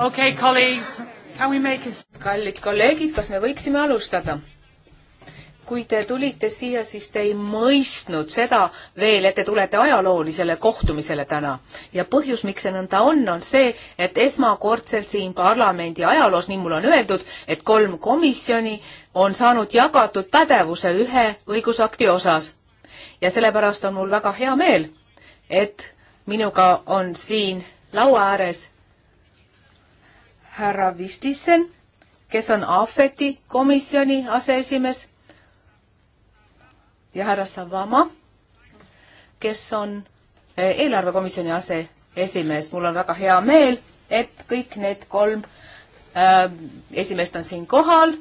Okay, colleagues, can we make a... kallid kolleegid, kas me võiksime alustada? kui te tulite siia, siis te ei mõistnud seda veel, et te tulete ajaloolisele kohtumisele täna. ja põhjus, miks see nõnda on, on see, et esmakordselt siin parlamendi ajaloos, nii mulle on öeldud, et kolm komisjoni on saanud jagatud pädevuse ühe õigusakti osas. ja sellepärast on mul väga hea meel, et minuga on siin laua ääres härra Vistisen, kes on AFET-i komisjoni aseesimees ja härra Savama, kes on eh, eelarvekomisjoni aseesimees. mul on väga hea meel, et kõik need kolm äh, esimeest on siin kohal.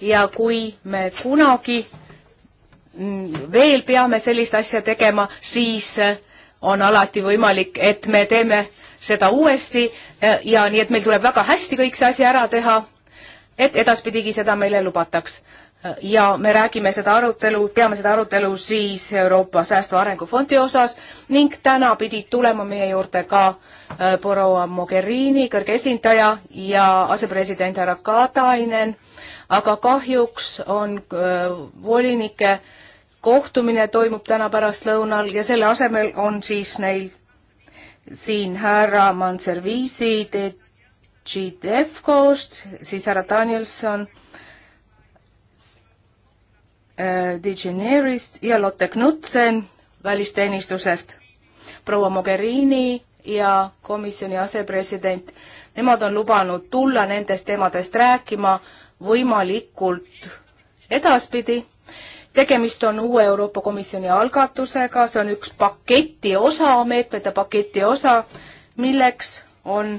ja kui me kunagi mm, veel peame sellist asja tegema, siis äh, on alati võimalik, et me teeme seda uuesti eh, ja nii, et meil tuleb väga hästi kõik see asi ära teha, et edaspidigi seda meile lubataks. Eh, ja me räägime seda arutelu, peame seda arutelu siis Euroopa Säästva Arengufondi osas ning täna pidid tulema meie juurde ka eh, proua Mogherini, kõrge esindaja ja asepresident härra Katainen, aga kahjuks on äh, volinike äh, kohtumine toimub täna pärastlõunal ja selle asemel on siis neil siin härra Manserviisi de Defcost, siis härra Danielson äh, Digineerist ja Lotte Knutsen välisteenistusest, proua Mogherini ja komisjoni asepresident. Nemad on lubanud tulla nendest teemadest rääkima võimalikult edaspidi tegemist on uue Euroopa Komisjoni algatusega, see on üks paketi osa, meetmete paketi osa, milleks on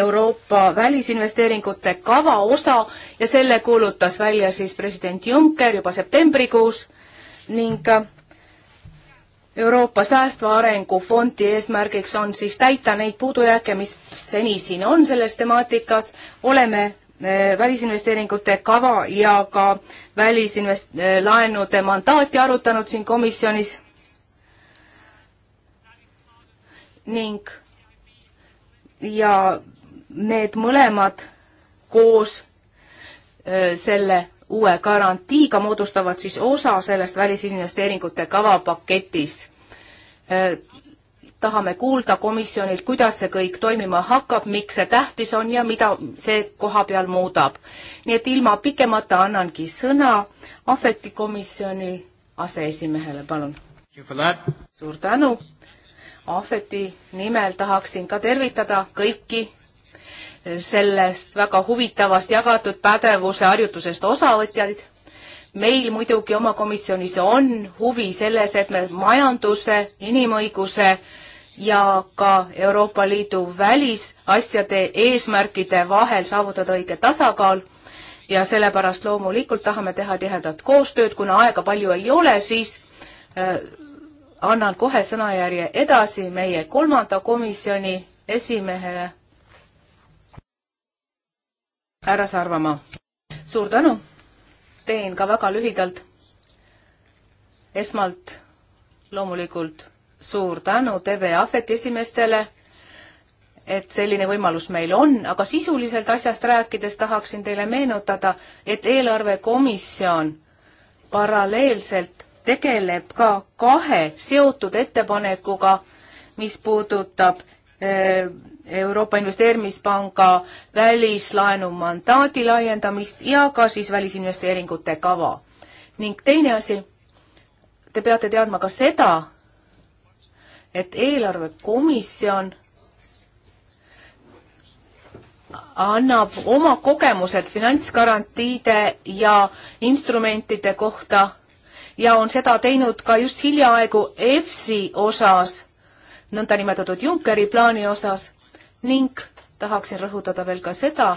Euroopa välisinvesteeringute kava osa ja selle kuulutas välja siis president Juncker juba septembrikuus ning äh, Euroopa Säästva Arengu Fondi eesmärgiks on siis täita neid puudujääke, mis seni siin on selles temaatikas. oleme Äh, välisinvesteeringute kava ja ka välisinvest-, äh, laenude mandaati arutanud siin komisjonis ning ja need mõlemad koos äh, selle uue garantiiga moodustavad siis osa sellest välisinvesteeringute kava paketist tahame kuulda komisjonilt, kuidas see kõik toimima hakkab, miks see tähtis on ja mida see koha peal muudab. nii et ilma pikemata annangi sõna ahvetikomisjoni aseesimehele, palun. suur tänu. ahveti nimel tahaksin ka tervitada kõiki sellest väga huvitavast jagatud pädevuse harjutusest osavõtjaid meil muidugi oma komisjonis on huvi selles, et me majanduse, inimõiguse ja ka Euroopa Liidu välisasjade eesmärkide vahel saavutada õige tasakaal ja sellepärast loomulikult tahame teha tihedat koostööd, kuna aega palju ei ole, siis äh, annan kohe sõnajärje edasi meie kolmanda komisjoni esimehele, härra Sarvamaa. suur tänu, teen ka väga lühidalt. esmalt loomulikult suur tänu TV Ahvet esimeestele, et selline võimalus meil on, aga sisuliselt asjast rääkides tahaksin teile meenutada, et eelarvekomisjon paralleelselt tegeleb ka kahe seotud ettepanekuga, mis puudutab eh, Euroopa Investeerimispanga välislaenu mandaadi laiendamist ja ka siis välisinvesteeringute kava. ning teine asi, te peate teadma ka seda, et eelarvekomisjon annab oma kogemused finantsgarantiide ja instrumentide kohta ja on seda teinud ka just hiljaaegu EFSI osas, nõndanimetatud Junckeri plaani osas ning tahaksin rõhutada veel ka seda,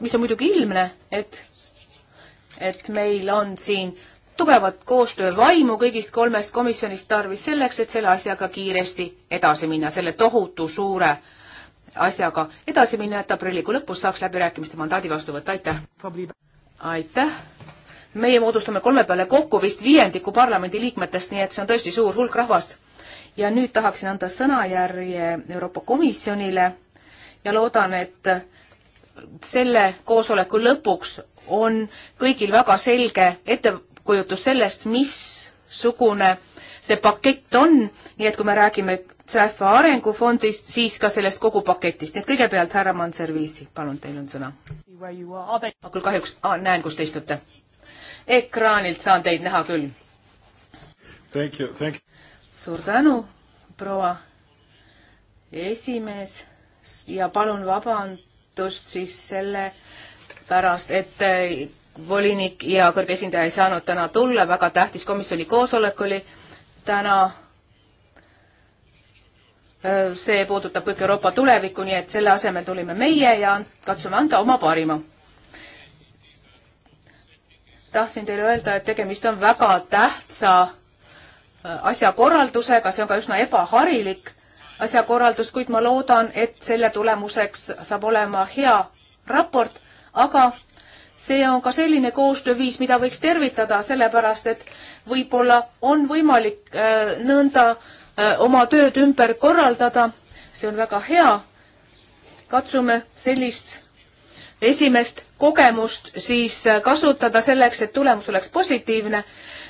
mis on muidugi ilmne, et, et meil on siin äh, tugevat koostöövaimu kõigist kolmest komisjonist tarvis selleks, et selle asjaga kiiresti edasi minna, selle tohutu suure asjaga edasi minna, et aprillikuu lõpus saaks läbirääkimiste mandaadi vastu võtta, aitäh! aitäh! meie moodustame kolme peale kokku vist viiendiku parlamendi liikmetest, nii et see on tõesti suur hulk rahvast. ja nüüd tahaksin anda sõnajärje Euroopa Komisjonile ja loodan, et selle koosoleku lõpuks on kõigil väga selge ette ettekujutus sellest, missugune see pakett on, nii et kui me räägime säästva arengufondist, siis ka sellest kogu paketist. nii et kõigepealt härra Manserviisi, palun, teil on sõna. ma küll kahjuks ah, näen, kus te istute. ekraanilt saan teid näha küll. suur tänu, proua esimees ja palun vabandust siis selle pärast, et volinik ja kõrge esindaja ei saanud täna tulla, väga tähtis komisjoni koosolek oli täna. see puudutab kõik Euroopa tulevikku, nii et selle asemel tulime meie ja katsume anda oma parima. tahtsin teile öelda, et tegemist on väga tähtsa asjakorraldusega, see on ka üsna ebaharilik asjakorraldus, kuid ma loodan, et selle tulemuseks saab olema hea raport, aga see on ka selline koostööviis, mida võiks tervitada, sellepärast et võib-olla on võimalik äh, nõnda äh, oma tööd ümber korraldada. see on väga hea. katsume sellist esimest kogemust siis äh, kasutada selleks, et tulemus oleks positiivne,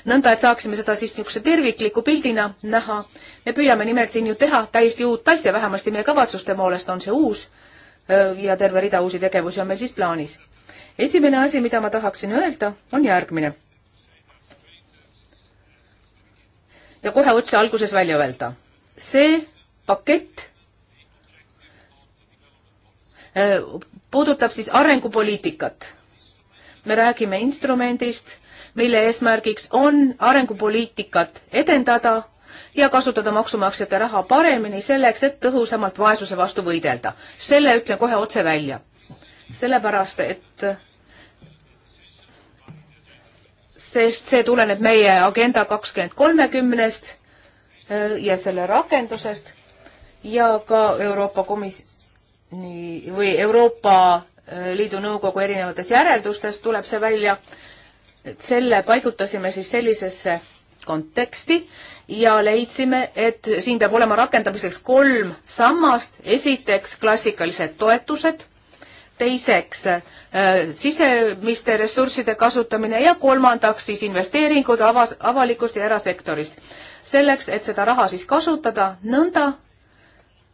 nõnda et saaksime seda siis niisuguse tervikliku pildina näha. me püüame nimelt siin ju teha täiesti uut asja, vähemasti meie kavatsuste poolest on see uus ja terve rida uusi tegevusi on meil siis plaanis esimene asi, mida ma tahaksin öelda, on järgmine. ja kohe otse alguses välja öelda. see pakett äh, puudutab siis arengupoliitikat. me räägime instrumendist, mille eesmärgiks on arengupoliitikat edendada ja kasutada maksumaksjate raha paremini selleks, et tõhusamalt vaesuse vastu võidelda. selle ütlen kohe otse välja sellepärast et sest see tuleneb meie Agenda kakskümmend kolmekümnest äh, ja selle rakendusest ja ka Euroopa Komisjoni või Euroopa äh, Liidu Nõukogu erinevates järeldustes tuleb see välja. et selle paigutasime siis sellisesse konteksti ja leidsime, et siin peab olema rakendamiseks kolm sammast. esiteks klassikalised toetused teiseks äh, sisemiste ressursside kasutamine ja kolmandaks siis investeeringud avas, avalikust ja erasektorist. selleks, et seda raha siis kasutada nõnda,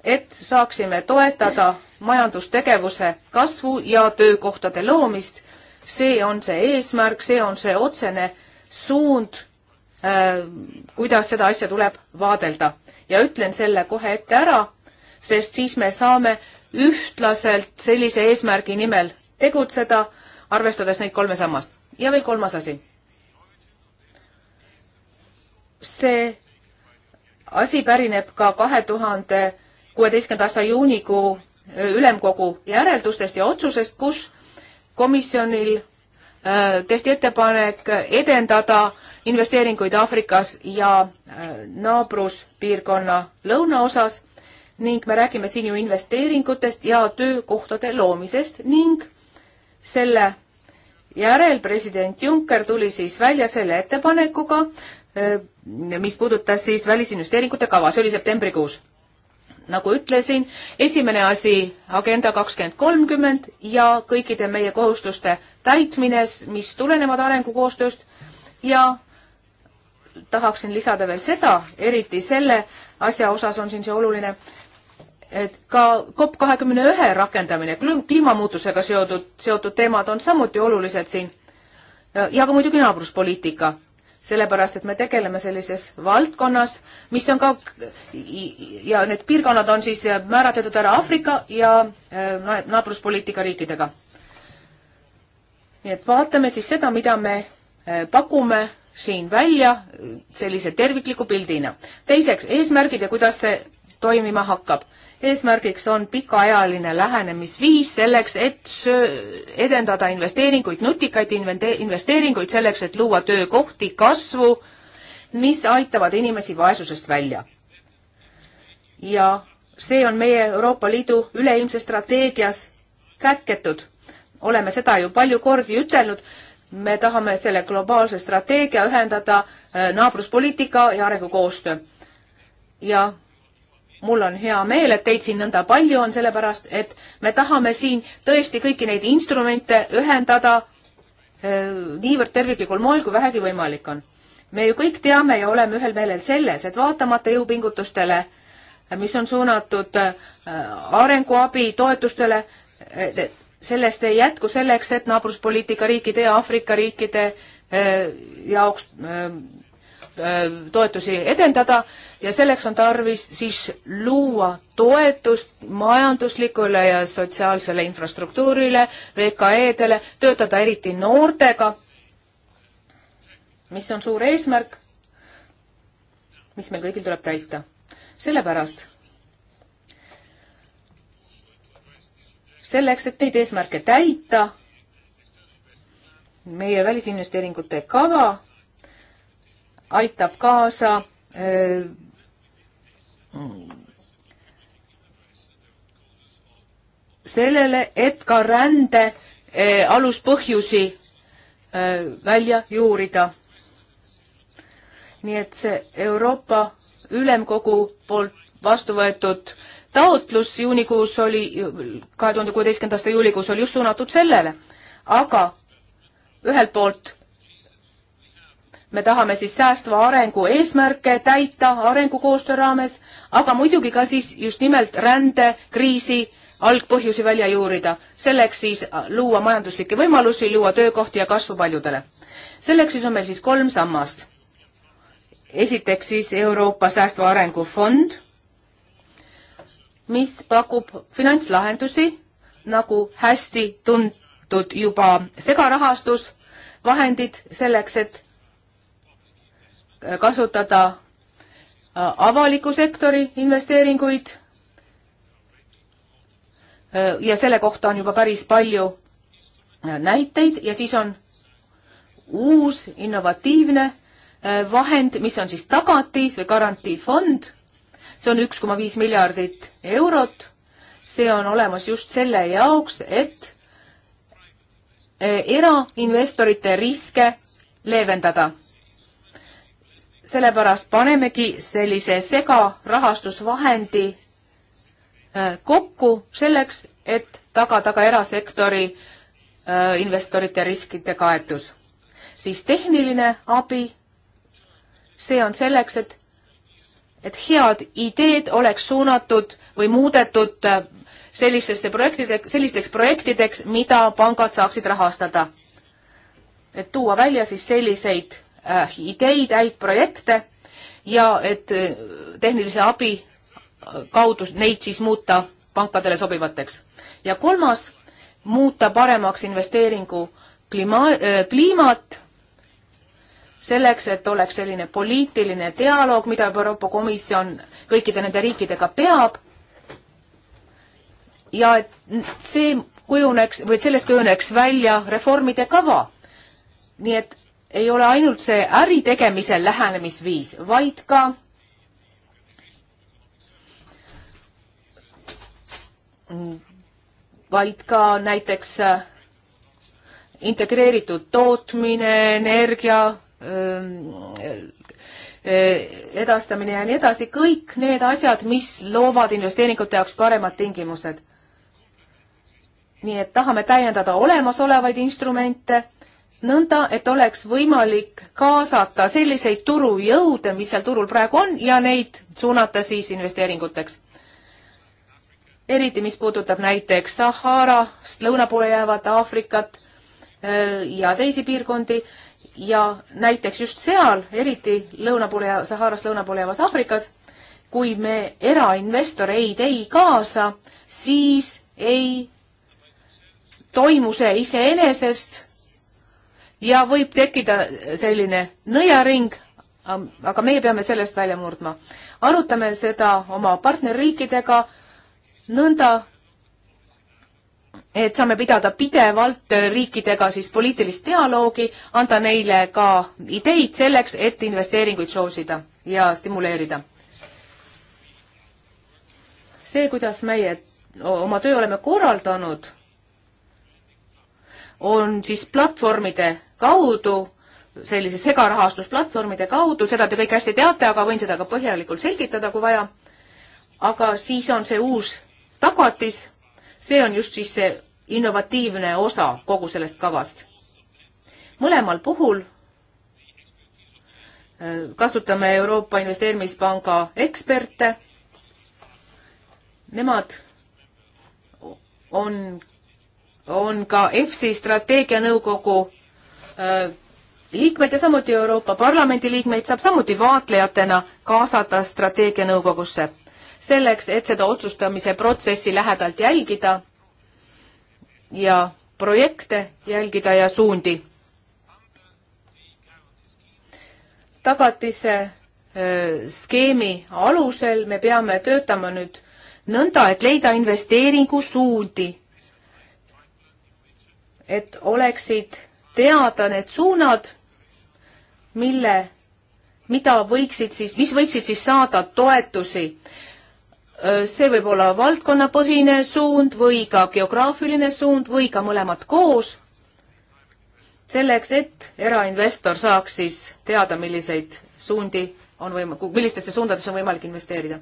et saaksime toetada majandustegevuse kasvu ja töökohtade loomist, see on see eesmärk, see on see otsene suund, äh, kuidas seda asja tuleb vaadelda. ja ütlen selle kohe ette ära, sest siis me saame ühtlaselt sellise eesmärgi nimel tegutseda, arvestades neid kolme sammast. ja veel kolmas asi. see asi pärineb ka kahe tuhande kuueteistkümnenda aasta juunikuu äh, ülemkogu järeldustest ja otsusest, kus komisjonil äh, tehti ettepanek edendada investeeringuid Aafrikas ja äh, naabruspiirkonna lõunaosas ning me räägime siin ju investeeringutest ja töökohtade loomisest ning selle järel president Juncker tuli siis välja selle ettepanekuga, eh, mis puudutas siis välisinvesteeringute kava, see oli septembrikuus. nagu ütlesin, esimene asi Agenda kakskümmend kolmkümmend ja kõikide meie kohustuste täitmine, mis tulenevad arengukoostööst ja tahaksin lisada veel seda, eriti selle asja osas on siin see oluline, et ka COP kahekümne ühe rakendamine, kliimamuutusega seotud, seotud teemad on samuti olulised siin. ja ka muidugi naabruspoliitika, sellepärast et me tegeleme sellises valdkonnas, mis on ka ja need piirkonnad on siis määratletud ära Aafrika ja äh, naabruspoliitika riikidega. nii et vaatame siis seda, mida me äh, pakume siin välja äh, sellise tervikliku pildina. teiseks, eesmärgid ja kuidas see toimima hakkab. eesmärgiks on pikaajaline lähenemisviis selleks, et edendada investeeringuid, nutikaid investeeringuid selleks, et luua töökohti, kasvu, mis aitavad inimesi vaesusest välja. ja see on meie Euroopa Liidu üleilmses strateegias kätketud. oleme seda ju palju kordi ütelnud me tahame selle globaalse strateegia ühendada äh, naabruspoliitika ja arengukoostöö. ja mul on hea meel, et teid siin nõnda palju on, sellepärast et me tahame siin tõesti kõiki neid instrumente ühendada äh, niivõrd terviklikul moel, kui vähegi võimalik on. me ju kõik teame ja oleme ühel meelel selles, et vaatamata jõupingutustele, mis on suunatud äh, arenguabi toetustele, äh, sellest ei jätku selleks, et naabruspoliitika riikide ja Aafrika riikide jaoks Äh, toetusi edendada ja selleks on tarvis siis luua toetust majanduslikule ja sotsiaalsele infrastruktuurile, VKE-dele, töötada eriti noortega, mis on suur eesmärk, mis meil kõigil tuleb täita. sellepärast, selleks, et neid eesmärke täita, meie välisinvesteeringute kava aitab kaasa sellele, et ka rände aluspõhjusi välja juurida. nii et see Euroopa Ülemkogu poolt vastu võetud taotlus juunikuus oli, kahe tuhande kuueteistkümnenda aasta juulikuus oli just suunatud sellele, aga ühelt poolt me tahame siis säästva arengu eesmärke täita arengukoostöö raames, aga muidugi ka siis just nimelt rändekriisi algpõhjusi välja juurida, selleks siis luua majanduslikke võimalusi, luua töökohti ja kasvu paljudele. selleks siis on meil siis kolm sammast. esiteks siis Euroopa Säästva Arengu Fond, mis pakub finantslahendusi, nagu hästi tuntud juba segarahastus, vahendid selleks, et kasutada äh, avaliku sektori investeeringuid äh, ja selle kohta on juba päris palju äh, näiteid ja siis on uus innovatiivne vahend, mis on siis tagatis või garantiifond. see on üks koma viis miljardit eurot. see on olemas just selle jaoks, et erainvestorite riske leevendada sellepärast panemegi sellise segarahastusvahendi äh, kokku selleks, et tagada ka erasektori äh, investorite riskide kaetus. siis tehniline abi, see on selleks, et, et head ideed oleks suunatud või muudetud äh, sellistesse projektide, sellisteks projektideks, mida pangad saaksid rahastada. et tuua välja siis selliseid Äh, ideid, häid projekte ja et äh, tehnilise abi äh, kaudu neid siis muuta pankadele sobivateks. ja kolmas, muuta paremaks investeeringu kliima, kliimat, selleks, et oleks selline poliitiline dialoog, mida Euroopa Komisjon kõikide nende riikidega peab ja et see kujuneks või et sellest kujuneks välja reformide kava. nii et ei ole ainult see äritegemise lähenemisviis, vaid ka vaid ka näiteks äh, integreeritud tootmine, energia ähm, äh, edastamine ja nii edasi, kõik need asjad, mis loovad investeeringute jaoks paremad tingimused. nii et tahame täiendada olemasolevaid instrumente nõnda, et oleks võimalik kaasata selliseid turujõude, mis seal turul praegu on ja neid suunata siis investeeringuteks. eriti, mis puudutab näiteks Saharast lõuna poole jäävat Aafrikat äh, ja teisi piirkondi ja näiteks just seal, eriti lõuna poole ja Saharast lõuna poole jäävas Aafrikas, kui me erainvestoreid ei kaasa, siis ei toimu see iseenesest ja võib tekkida selline nõiaring, aga meie peame sellest välja murdma. arutame seda oma partnerriikidega nõnda, et saame pidada pidevalt riikidega siis poliitilist dialoogi, anda neile ka ideid selleks, et investeeringuid soosida ja stimuleerida. see, kuidas meie oma töö oleme korraldanud, on siis platvormide kaudu, sellise segarahastusplatvormide kaudu, seda te kõik hästi teate, aga võin seda ka põhjalikult selgitada, kui vaja. aga siis on see uus tagatis, see on just siis see innovatiivne osa kogu sellest kavast. mõlemal puhul äh, kasutame Euroopa Investeerimispanga eksperte. Nemad on, on ka EFSI strateegianõukogu Äh, liikmeid ja samuti Euroopa Parlamendi liikmeid saab samuti vaatlejatena kaasata strateegianõukogusse. selleks, et seda otsustamise protsessi lähedalt jälgida ja projekte jälgida ja suundi. tagatise äh, skeemi alusel me peame töötama nüüd nõnda, et leida investeeringu suundi, et oleksid teada need suunad, mille, mida võiksid siis, mis võiksid siis saada toetusi. see võib olla valdkonnapõhine suund või ka geograafiline suund või ka mõlemad koos, selleks et erainvestor saaks siis teada, milliseid suundi on võim-, millistesse suundadesse on võimalik investeerida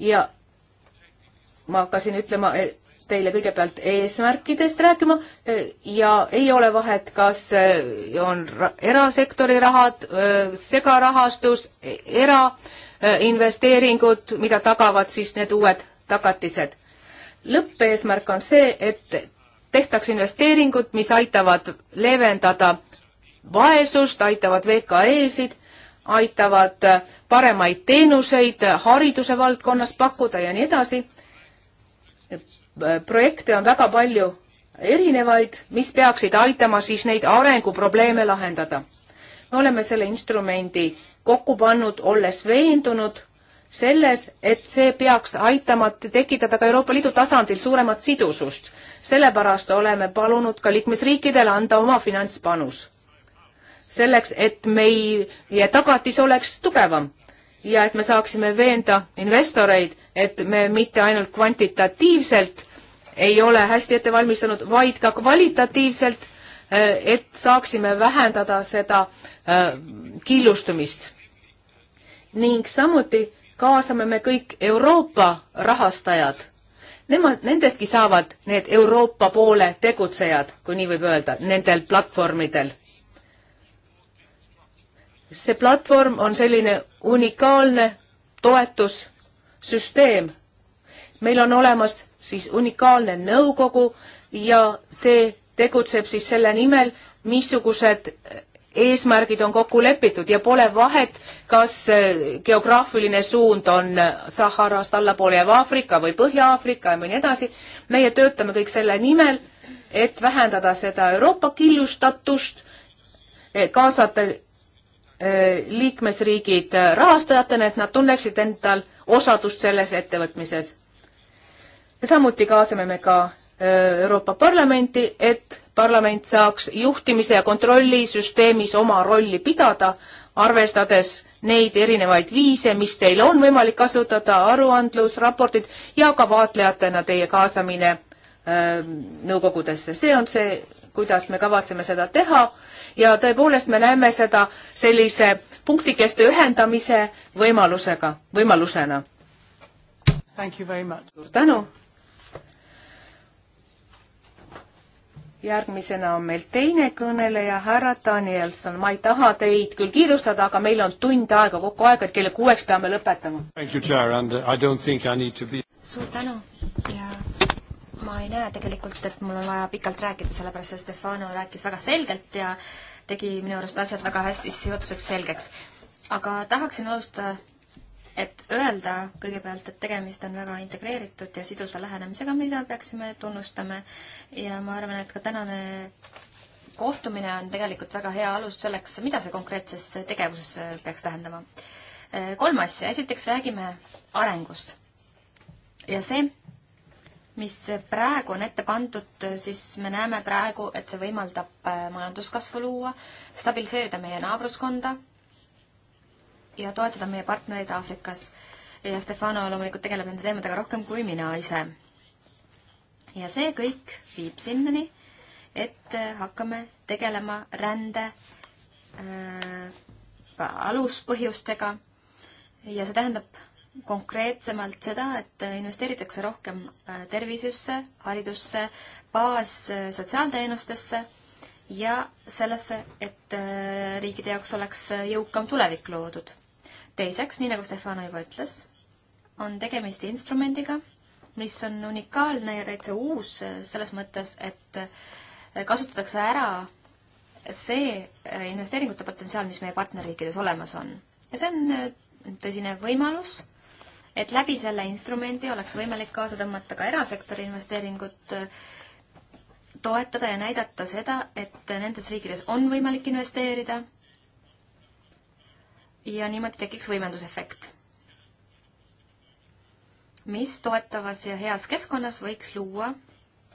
ja ma hakkasin ütlema eh, teile kõigepealt eesmärkidest rääkima eh, ja ei ole vahet, kas eh, on erasektori rahad, segarahastus, erainvesteeringud, mida tagavad siis need uued tagatised. lõppeesmärk on see, et tehtaks investeeringud, mis aitavad leevendada vaesust, aitavad VKE-sid, aitavad paremaid teenuseid hariduse valdkonnas pakkuda ja nii edasi projekte on väga palju erinevaid, mis peaksid aitama siis neid arenguprobleeme lahendada. me oleme selle instrumendi kokku pannud, olles veendunud selles, et see peaks aitama tekitada ka Euroopa Liidu tasandil suuremat sidusust. sellepärast oleme palunud ka liikmesriikidele anda oma finantspanus. selleks, et meie tagatis oleks tugevam ja et me saaksime veenda investoreid, et me mitte ainult kvantitatiivselt ei ole hästi ette valmistanud, vaid ka kvalitatiivselt, äh, et saaksime vähendada seda äh, killustumist. ning samuti kaasame me kõik Euroopa rahastajad. Nemad, nendestki saavad need Euroopa poole tegutsejad, kui nii võib öelda, nendel platvormidel. see platvorm on selline unikaalne toetus süsteem. meil on olemas siis unikaalne nõukogu ja see tegutseb siis selle nimel, missugused eesmärgid on kokku lepitud ja pole vahet, kas äh, geograafiline suund on äh, Saharast allapoole jääv Aafrika või Põhja-Aafrika ja nii edasi. meie töötame kõik selle nimel, et vähendada seda Euroopa killustatust, eh, kaasata äh, liikmesriigid rahastajatena, et nad tunneksid endal osadust selles ettevõtmises. samuti kaasame me ka Euroopa Parlamenti, et parlament saaks juhtimise ja kontrollisüsteemis oma rolli pidada, arvestades neid erinevaid viise, mis teil on võimalik kasutada, aruandlus, raportid ja ka vaatlejatena teie kaasamine öö, nõukogudesse. see on see, kuidas me kavatseme seda teha ja tõepoolest me näeme seda sellise punktikeste ühendamise võimalusega, võimalusena. suur tänu. järgmisena on meil teine kõneleja, härra Danielson. ma ei taha teid küll kiirustada, aga meil on tund aega kokku aega, et kella kuueks peame lõpetama. Uh, suur tänu ja ma ei näe tegelikult, et mul on vaja pikalt rääkida, sellepärast et Stefano rääkis väga selgelt ja tegi minu arust asjad väga hästi sissejuhatuseks selgeks. aga tahaksin alustada, et öelda kõigepealt, et tegemist on väga integreeritud ja sidusa lähenemisega, mida peaksime tunnustama ja ma arvan, et ka tänane kohtumine on tegelikult väga hea alus selleks, mida see konkreetses tegevuses peaks tähendama. kolm asja, esiteks räägime arengust. ja see mis praegu on ette pandud, siis me näeme praegu, et see võimaldab äh, majanduskasvu luua, stabiliseerida meie naabruskonda ja toetada meie partnereid Aafrikas. ja Stefano loomulikult tegeleb nende teemadega rohkem kui mina ise. ja see kõik viib sinnani, et äh, hakkame tegelema rände äh, aluspõhjustega ja see tähendab konkreetsemalt seda, et investeeritakse rohkem äh, tervisesse, haridusse, baassotsiaalteenustesse ja sellesse, et äh, riikide jaoks oleks jõukam tulevik loodud. teiseks, nii nagu Stefano juba ütles, on tegemist instrumendiga, mis on unikaalne ja täitsa uus äh, selles mõttes, et kasutatakse ära see investeeringute potentsiaal, mis meie partnerriikides olemas on. ja see on tõsine võimalus et läbi selle instrumendi oleks võimalik kaasa tõmmata ka erasektori investeeringut, toetada ja näidata seda, et nendes riikides on võimalik investeerida ja niimoodi tekiks võimendusefekt, mis toetavas ja heas keskkonnas võiks luua,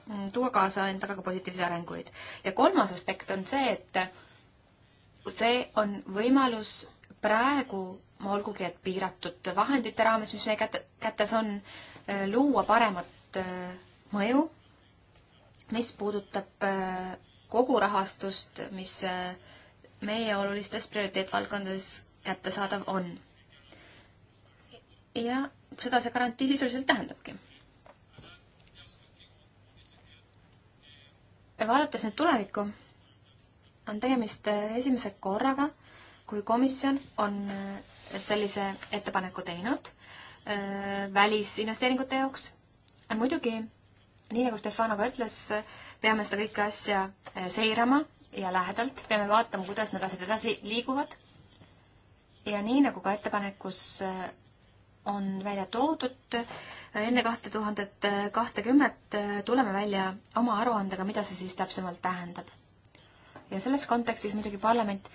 mm, tuua kaasa endaga ka positiivseid arenguid. ja kolmas aspekt on see, et see on võimalus praegu olgugi et piiratud vahendite raames, mis meie käte, kätes on, äh, luua paremat äh, mõju, mis puudutab äh, kogu rahastust, mis meie olulistes prioriteetvaldkondades kättesaadav on. ja seda see garantii sisuliselt tähendabki. vaadates nüüd tulevikku, on tegemist esimese korraga, kui komisjon on sellise ettepaneku teinud äh, välisinvesteeringute jaoks. muidugi, nii nagu Stefano ka ütles, peame seda kõike asja äh, seirama ja lähedalt, peame vaatama, kuidas need asjad edasi liiguvad. ja nii nagu ka ettepanekus äh, on välja toodud, enne kahte tuhandet kahtekümmet tuleme välja oma aruandega, mida see siis täpsemalt tähendab. ja selles kontekstis muidugi parlament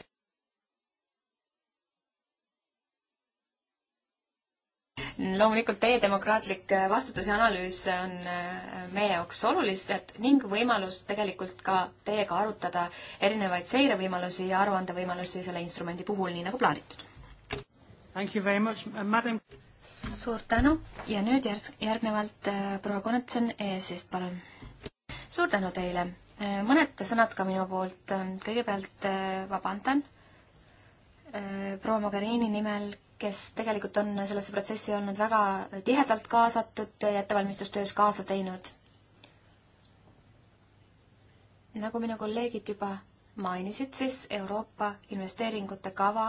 loomulikult teie demokraatlik äh, vastutus ja analüüs on äh, meie jaoks olulised ning võimalus tegelikult ka teiega arutada erinevaid seirevõimalusi ja aruandevõimalusi selle instrumendi puhul, nii nagu plaanitud. Thank you very much, uh, madam. suur tänu ja nüüd järg-, järgnevalt äh, proua Konetsen EAS-ist, palun. suur tänu teile. mõned sõnad ka minu poolt. kõigepealt vabandan proua Mogherini nimel, kes tegelikult on sellesse protsessi olnud väga tihedalt kaasatud ja ettevalmistustöös kaasa teinud. nagu minu kolleegid juba mainisid, siis Euroopa investeeringute kava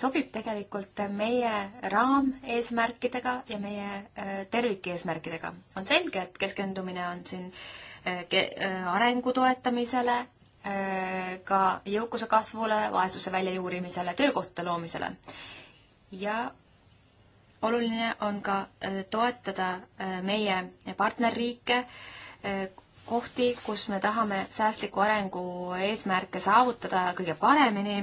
sobib tegelikult meie raameesmärkidega ja meie äh, tervikeesmärkidega. on selge, et keskendumine on siin äh, äh, arengu toetamisele, ka jõukuse kasvule, vaesuse väljajuurimisele, töökohtade loomisele ja oluline on ka äh, toetada äh, meie partnerriike, äh, kohti, kus me tahame säästliku arengu eesmärke saavutada kõige paremini,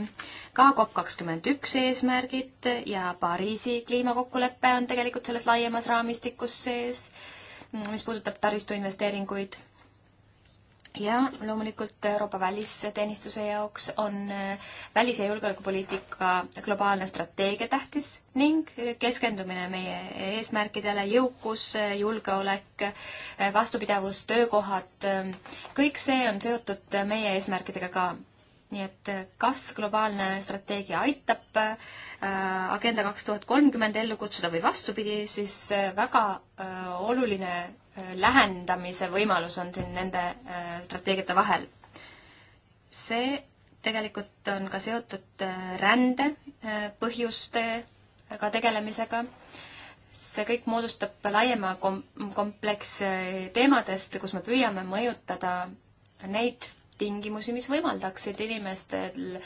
ka COP kakskümmend üks eesmärgid ja Pariisi kliimakokkulepe on tegelikult selles laiemas raamistikus sees, mm, mis puudutab taristuinvesteeringuid ja loomulikult Euroopa välisteenistuse jaoks on äh, välis- ja julgeolekupoliitika globaalne strateegia tähtis ning keskendumine meie eesmärkidele, jõukus, julgeolek, äh, vastupidavus, töökohad, äh, kõik see on seotud meie eesmärkidega ka. nii et kas globaalne strateegia aitab Agenda kaks tuhat kolmkümmend ellu kutsuda või vastupidi, siis väga oluline Äh, lähendamise võimalus on siin nende äh, strateegiate vahel. see tegelikult on ka seotud äh, rände põhjustega tegelemisega. see kõik moodustab laiema kom-, kompleks teemadest, kus me püüame mõjutada neid tingimusi, mis võimaldaksid inimestel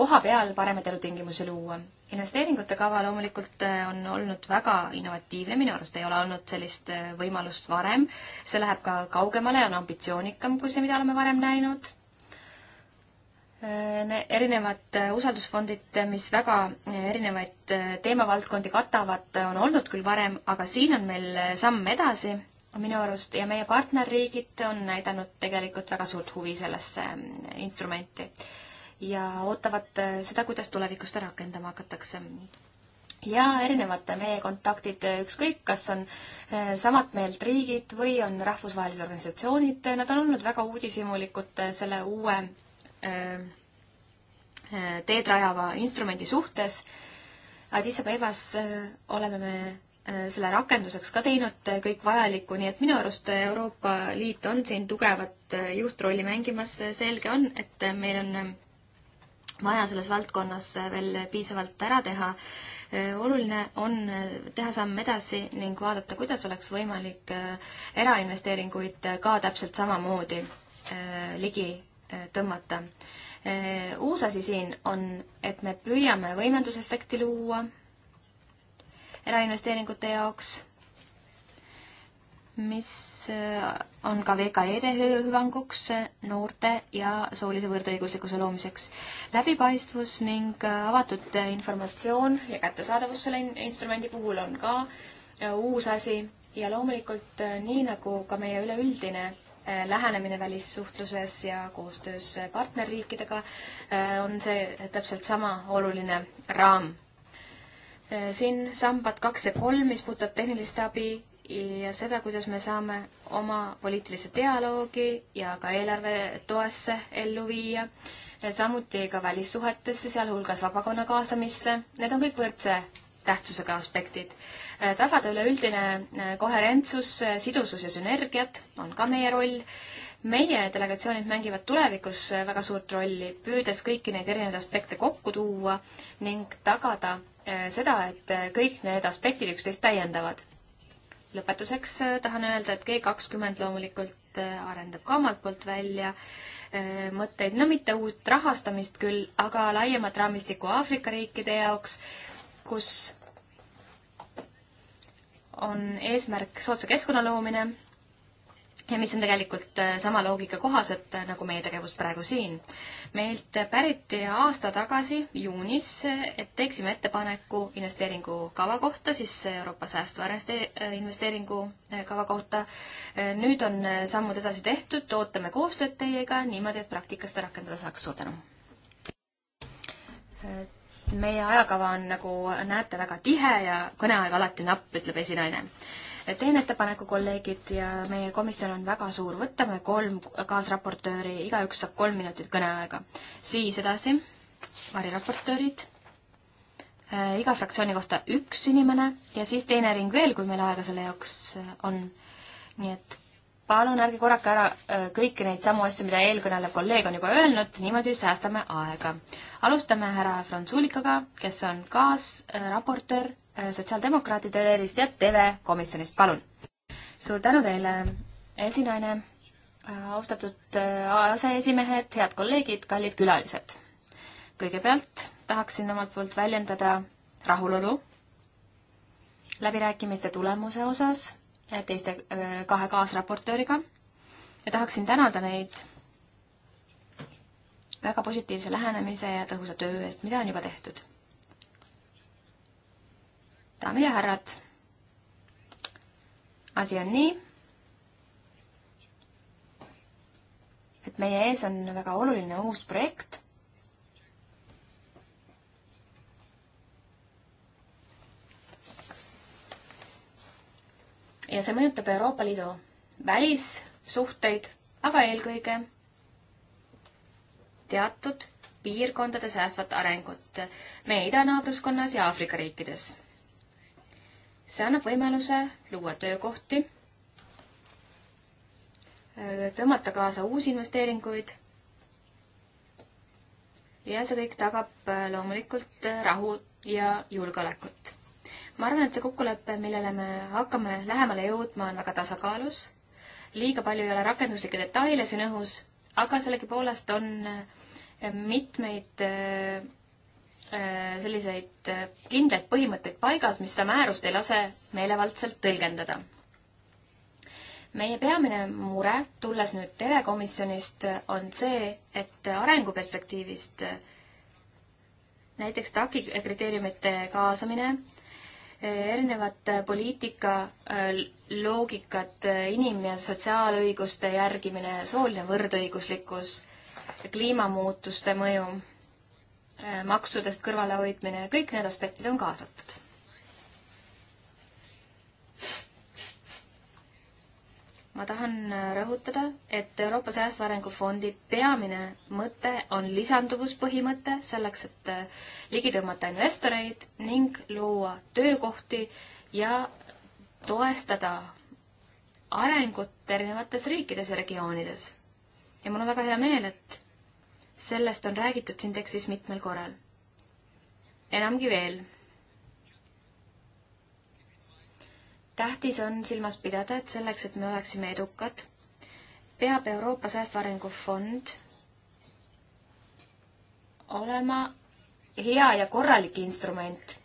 kohapeal paremaid elutingimusi luua. investeeringute kava loomulikult eh, on olnud väga innovatiivne, minu arust ei ole olnud sellist eh, võimalust varem. see läheb ka kaugemale ja on ambitsioonikam kui see, mida oleme varem näinud eh, erinevad usaldusfondid, mis väga erinevaid teemavaldkondi katavad, on olnud küll varem, aga siin on meil samm edasi minu arust ja meie partnerriigid on näidanud tegelikult väga suurt huvi sellesse mm, instrumenti ja ootavad äh, seda, kuidas tulevikus seda rakendama hakatakse. ja erinevad meie kontaktid, äh, ükskõik, kas on äh, samat meelt riigid või on rahvusvahelised organisatsioonid, nad on olnud väga uudishimulikud selle uue teed rajava instrumendi suhtes. Addis Abebas oleme me Äh, selle rakenduseks ka teinud äh, kõik vajalikku, nii et minu arust Euroopa Liit on siin tugevat äh, juhtrolli mängimas, selge on, et meil on vaja selles valdkonnas veel piisavalt ära teha. oluline on teha samm edasi ning vaadata, kuidas oleks võimalik erainvesteeringuid ka täpselt samamoodi ligi tõmmata uus asi siin on, et me püüame võimendusefekti luua, erainvesteeringute jaoks, mis äh, on ka VKE-de hüvanguks äh, noorte ja soolise võrdõiguslikkuse loomiseks. läbipaistvus ning äh, avatud informatsioon ja kättesaadavus selle instrumendi puhul on ka uus asi ja loomulikult nii, nagu ka meie üleüldine lähenemine välissuhtluses ja koostöös partnerriikidega, on see täpselt sama oluline raam siin sambad kaks ja kolm, mis puudutab tehnilist abi ja seda, kuidas me saame oma poliitilise dialoogi ja ka eelarve toesse ellu viia, samuti ka välissuhetesse, sealhulgas vabakonna kaasamisse, need on kõik võrdse tähtsusega aspektid. tagada üleüldine koherentsus, sidusus ja sünergiat on ka meie roll meie delegatsioonid mängivad tulevikus äh, väga suurt rolli, püüdes kõiki neid erinevaid aspekte kokku tuua ning tagada äh, seda, et äh, kõik need aspektid üksteist täiendavad. lõpetuseks tahan öelda, et G kakskümmend loomulikult arendab ka omalt poolt välja mõtteid, no mitte uut rahastamist küll, aga laiemat raamistikku Aafrika riikide jaoks, kus on eesmärk soodsa keskkonna loomine ja mis on tegelikult äh, sama loogika kohaselt, äh, nagu meie tegevus praegu siin. meilt päriti aasta tagasi juunis, äh, et teeksime ettepaneku investeeringukava kohta, siis Euroopa säästva investeeringukava kohta. nüüd on sammud edasi tehtud, ootame koostööd teiega niimoodi, et praktikas seda rakendada saaks. suur tänu! meie ajakava on, nagu näete, väga tihe ja kõneaeg alati napp, ütleb esinaine teen ettepaneku, kolleegid, ja meie komisjon on väga suur, võtame kolm kaasraportööri, igaüks saab kolm minutit kõneaega. siis edasi, variraportöörid, äh, iga fraktsiooni kohta üks inimene ja siis teine ring veel, kui meil aega selle jaoks äh, on. nii et palun ärge korrake ära äh, kõiki neid samu asju, mida eelkõnelev kolleeg on juba öelnud, niimoodi säästame aega. alustame härra Fransulikaga, kes on kaasraportöör sotsiaaldemokraatide leerist ja telekomisjonist, palun. suur tänu teile, esinaine, austatud äh, aseesimehed, head kolleegid, kallid külalised. kõigepealt tahaksin omalt poolt väljendada rahulolu läbirääkimiste tulemuse osas teiste äh, kahe kaasraportööriga ja tahaksin tänada neid väga positiivse lähenemise ja tõhusa töö eest, mida on juba tehtud daamid ja härrad, asi on nii, et meie ees on väga oluline uus projekt ja see mõjutab Euroopa Liidu välissuhteid, aga eelkõige teatud piirkondade säästvat arengut meie idanaabluskonnas ja Aafrika riikides see annab võimaluse luua töökohti, äh, tõmmata kaasa uusi investeeringuid ja see kõik tagab äh, loomulikult äh, rahu ja julgeolekut. ma arvan, et see kokkulepe, millele me hakkame lähemale jõudma, on väga tasakaalus. liiga palju ei ole rakenduslikke detaile siin õhus, aga sellegipoolest on mitmeid Äh, selliseid äh, kindlaid põhimõtteid paigas, mis seda määrust ei lase meelevaldselt tõlgendada. meie peamine mure, tulles nüüd telekomisjonist, on see, et arenguperspektiivist äh, näiteks TAK-i kriteeriumite kaasamine, erinevad poliitika loogikad, inim- ja sotsiaalõiguste järgimine, sooline võrdõiguslikkus, kliimamuutuste mõju Äh, maksudest kõrvalehoidmine ja kõik need aspektid on kaasatud. ma tahan äh, rõhutada, et Euroopa Säästva Arengu Fondi peamine mõte on lisanduvuspõhimõte selleks, et äh, ligi tõmmata investoreid ning luua töökohti ja toestada arengut erinevates riikides ja regioonides. ja mul on väga hea meel, et sellest on räägitud siin tekstis mitmel korral. enamgi veel. tähtis on silmas pidada, et selleks, et me oleksime edukad, peab Euroopa Säästva Arengu Fond olema hea ja korralik instrument,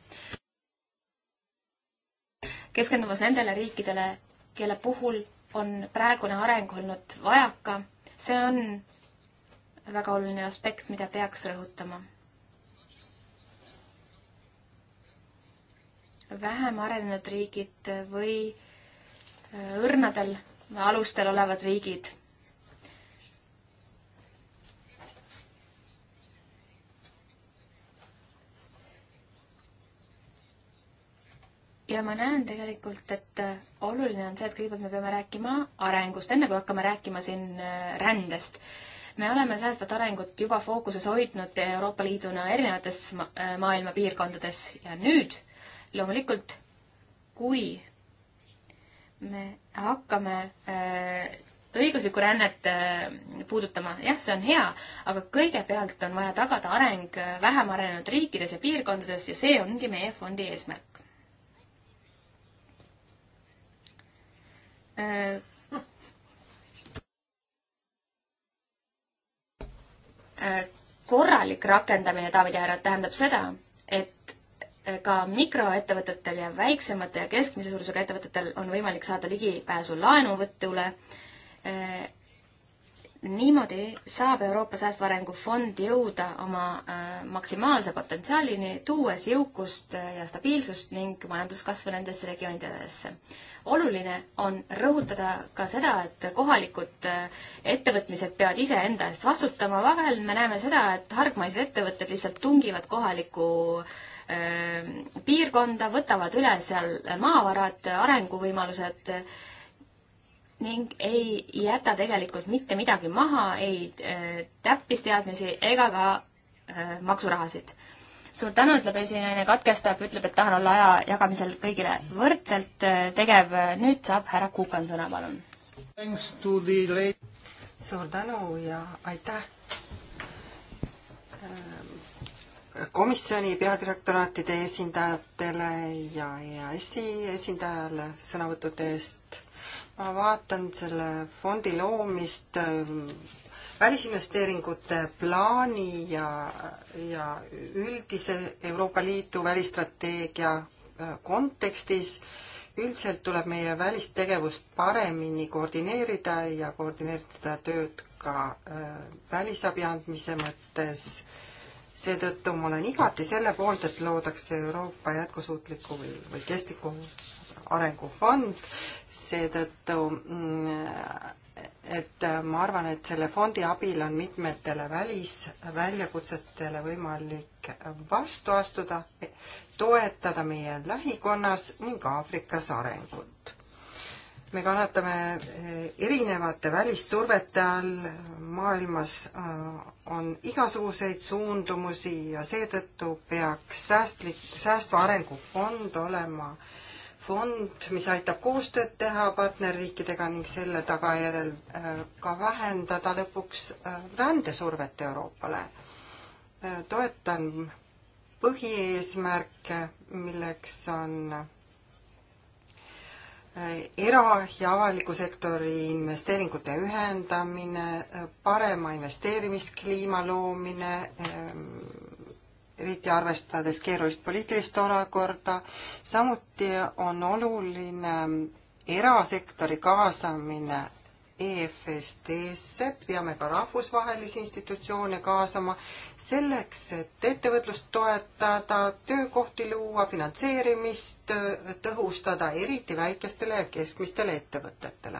keskendumas nendele riikidele, kelle puhul on praegune areng olnud vajaka, see on väga oluline aspekt, mida peaks rõhutama. vähem arenenud riigid või äh, õrnadel alustel olevad riigid ja ma näen tegelikult, et äh, oluline on see, et kõigepealt me peame rääkima arengust, enne kui hakkame rääkima siin äh, rändest me oleme säästvat arengut juba fookuses hoidnud Euroopa Liiduna erinevates äh, maailma piirkondades ja nüüd loomulikult, kui me hakkame äh, õiguslikku rännet äh, puudutama, jah, see on hea, aga kõigepealt on vaja tagada areng vähem arenenud riikides ja piirkondades ja see ongi meie fondi eesmärk Äh, korralik rakendamine, daamid ja härrad, tähendab seda, et äh, ka mikroettevõtetel ja väiksemate ja keskmise suurusega ettevõtetel on võimalik saada ligipääsu laenuvõtule äh, niimoodi saab Euroopa Säästva Arengu Fond jõuda oma äh, maksimaalse potentsiaalini, tuues jõukust ja stabiilsust ning majanduskasvu nendesse regioonidesse. oluline on rõhutada ka seda, et kohalikud äh, ettevõtmised peavad iseenda eest vastutama, vahel me näeme seda, et hargmaised ettevõtted lihtsalt tungivad kohalikku äh, piirkonda, võtavad üle seal maavarad, arenguvõimalused ning ei jäta tegelikult mitte midagi maha, ei äh, täppisteadmisi ega ka äh, maksurahasid. suur tänu, ütleb esinaine, katkestab, ütleb, et tahan olla aja jagamisel kõigile võrdselt äh, tegev. nüüd saab härra Kukan sõna, palun. suur tänu ja aitäh ähm, komisjoni peadirektoraatide esindajatele ja EAS-i esindajale sõnavõttude eest ma vaatan selle fondi loomist äh, välisinvesteeringute plaani ja, ja üldise Euroopa Liidu välistrateegia äh, kontekstis üldiselt tuleb meie välistegevust paremini koordineerida ja koordineerida tööd ka äh, välisabi andmise mõttes. seetõttu ma olen igati selle poolt, et loodakse Euroopa jätkusuutliku või, või kestliku arengufond, seetõttu mm, et ma arvan, et selle fondi abil on mitmetele välisväljakutsetele võimalik vastu astuda, toetada meie lähikonnas ning Aafrikas arengut. me kannatame erinevate välissurvete all, maailmas äh, on igasuguseid suundumusi ja seetõttu peaks säästlik, säästva arengu fond olema äh, fond, mis aitab koostööd teha partnerriikidega ning selle tagajärjel äh, ka vähendada lõpuks äh, rändesurvet Euroopale. Äh, toetan põhieesmärke, milleks on era- ja avaliku sektori investeeringute ühendamine, parema investeerimiskliima loomine, ähm, eriti arvestades keerulist poliitilist olukorda. samuti on oluline erasektori kaasamine EFSD-sse, peame ka rahvusvahelisi institutsioone kaasama selleks, et ettevõtlust toetada, töökohti luua, finantseerimist tõhustada, eriti väikestele ja keskmistele ettevõtetele.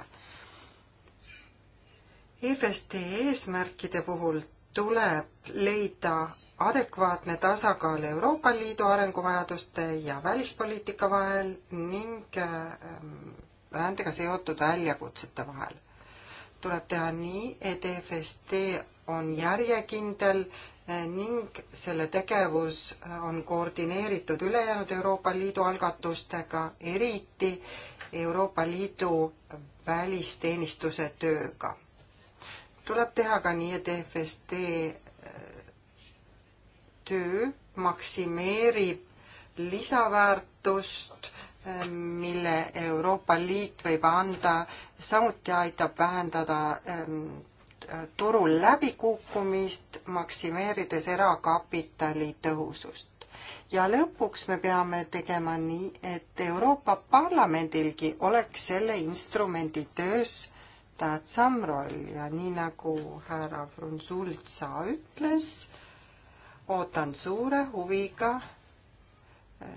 EFSD eesmärkide puhul tuleb leida adekvaatne tasakaal Euroopa Liidu arenguvajaduste ja välispoliitika vahel ning ähm, rändega seotud väljakutsete vahel. tuleb teha nii, et EFSD on järjekindel äh, ning selle tegevus äh, on koordineeritud ülejäänud Euroopa Liidu algatustega, eriti Euroopa Liidu välisteenistuse tööga. tuleb teha ka nii, et EFSD töö maksimeerib lisaväärtust, mille Euroopa Liit võib anda, samuti aitab vähendada ähm, turul läbikukkumist, maksimeerides erakapitali tõhusust. ja lõpuks me peame tegema nii, et Euroopa Parlamendilgi oleks selle instrumendi töös tähtsam roll ja nii nagu härra Frunzultsa ütles, ootan suure huviga äh,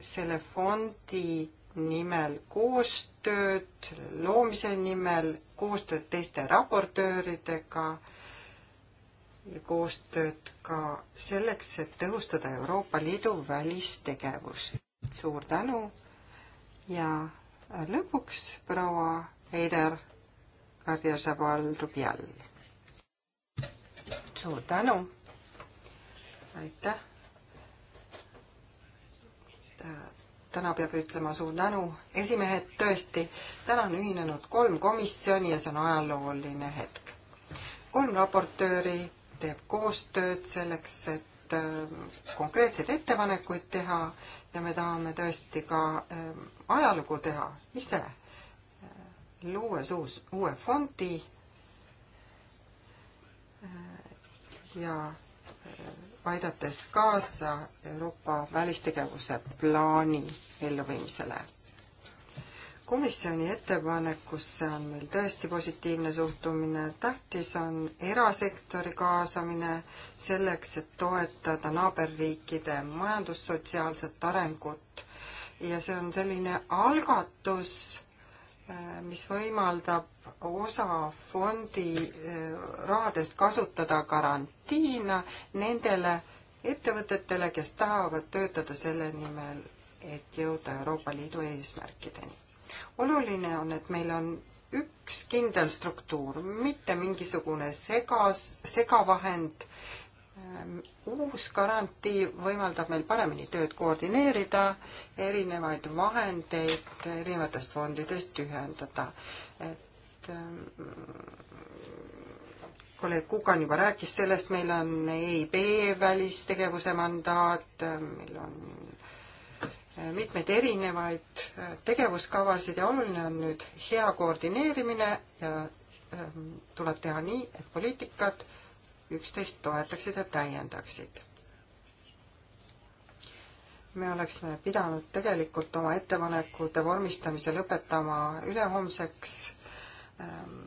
selle fondi nimel koostööd, loomise nimel koostööd teiste raportööridega ja koostööd ka selleks, et tõhustada Euroopa Liidu välistegevust. suur tänu ja lõpuks proua Heider Karjasabal-Rubjall suur tänu. aitäh. täna peab ütlema suur tänu, esimehed, tõesti, täna on ühinenud kolm komisjoni ja see on ajalooline hetk. kolm raportööri teeb koostööd selleks, et äh, konkreetseid ettepanekuid teha ja me tahame tõesti ka äh, ajalugu teha ise, äh, luues uus, uue fondi ja äh, aidates kaasa Euroopa välistegevuse plaani elluviimisele. komisjoni ettepanekusse on meil tõesti positiivne suhtumine, tähtis on erasektori kaasamine selleks, et toetada naaberriikide majandussotsiaalset arengut ja see on selline algatus, Äh, mis võimaldab osa fondi äh, rahadest kasutada garantiina nendele ettevõtetele, kes tahavad töötada selle nimel, et jõuda Euroopa Liidu eesmärkideni. oluline on, et meil on üks kindel struktuur, mitte mingisugune segas, segavahend, uus garantii võimaldab meil paremini tööd koordineerida, erinevaid vahendeid erinevatest fondidest ühendada. et ähm, kolleeg Kukan juba rääkis sellest, meil on EIB välistegevuse mandaat, meil on äh, mitmeid erinevaid äh, tegevuskavasid ja oluline on nüüd hea koordineerimine ja ähm, tuleb teha nii, et poliitikad üksteist toetaksid ja täiendaksid. me oleksime pidanud tegelikult oma ettepanekute vormistamise lõpetama ülehomseks. Ähm,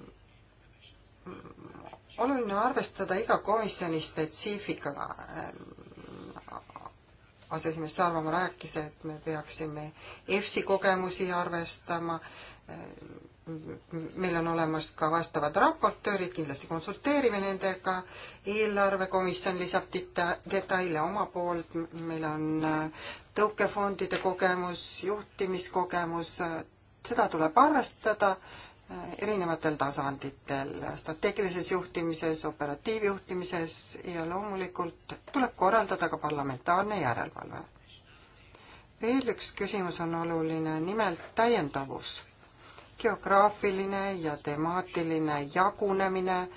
oluline arvestada iga komisjoni spetsiifikaga. Ähm, aseesimees Saarvamaa rääkis, et me peaksime EFSI kogemusi arvestama ähm, meil on olemas ka vastavad raportöörid, kindlasti konsulteerime nendega, eelarvekomisjon lisab deta-, detaile oma poolt, meil on äh, tõukefondide kogemus, juhtimiskogemus, seda tuleb arvestada äh, erinevatel tasanditel, strateegilises juhtimises, operatiivjuhtimises ja loomulikult tuleb korraldada ka parlamentaarne järelevalve. veel üks küsimus on oluline, nimelt täiendavus geograafiline ja temaatiline jagunemine.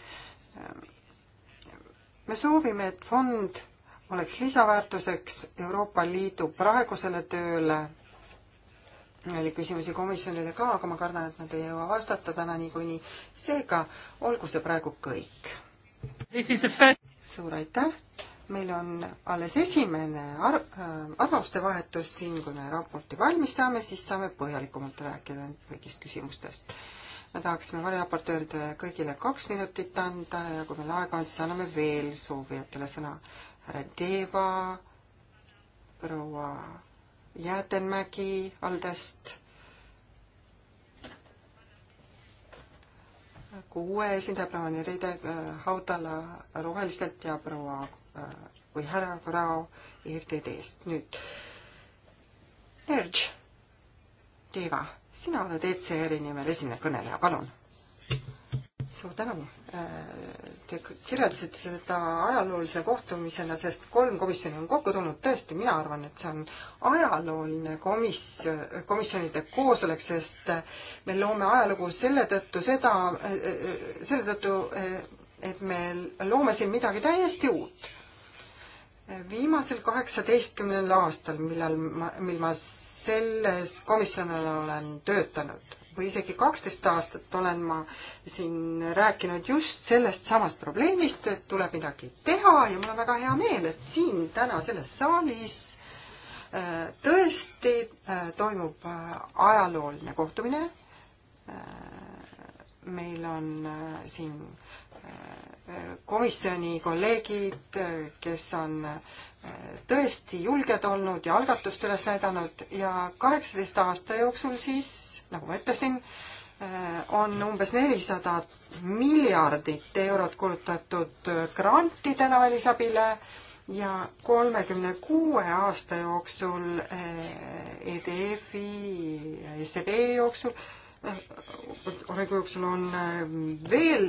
me soovime, et fond oleks lisaväärtuseks Euroopa Liidu praegusele tööle. oli küsimusi komisjonile ka, aga ma kardan, et nad ei jõua vastata täna niikuinii. seega olgu see praegu kõik. suur aitäh meil on alles esimene ar-, äh, arvamuste vahetus siin, kui me raporti valmis saame, siis saame põhjalikumalt rääkida kõigist küsimustest. me tahaksime variraportööridele kõigile kaks minutit anda ja kui meil aega on, siis anname veel soovijatele sõna. härra Deva, proua Jäätenmägi Aldest, kuue esindaja proua Neride äh, Haudala Rohelistelt ja proua Äh, või härra Korao EFTD-st. nüüd, Nerj, Deva, sina oled ECR-i nimel esimene kõneleja, palun. suur tänu. Äh, te kirjeldasite seda ajaloolise kohtumisena, sest kolm komisjoni on kokku tulnud, tõesti, mina arvan, et see on ajalooline komis-, komisjonide koosolek, sest me loome ajalugu selle tõttu seda, äh, selle tõttu et me loome siin midagi täiesti uut viimasel kaheksateistkümnel aastal, millal ma, mil ma selles komisjonil olen töötanud või isegi kaksteist aastat olen ma siin rääkinud just sellest samast probleemist, et tuleb midagi teha ja mul on väga hea meel, et siin täna selles saalis äh, tõesti äh, toimub äh, ajalooline kohtumine. meil on siin komisjoni kolleegid, kes on äh, tõesti julged olnud ja algatust üles näidanud ja kaheksateist aasta jooksul siis, nagu ma ütlesin, äh, on umbes nelisada miljardit eurot kulutatud äh, grantidena välisabile ja kolmekümne kuue aasta jooksul EDF-i, SEB jooksul arengu jooksul on äh, veel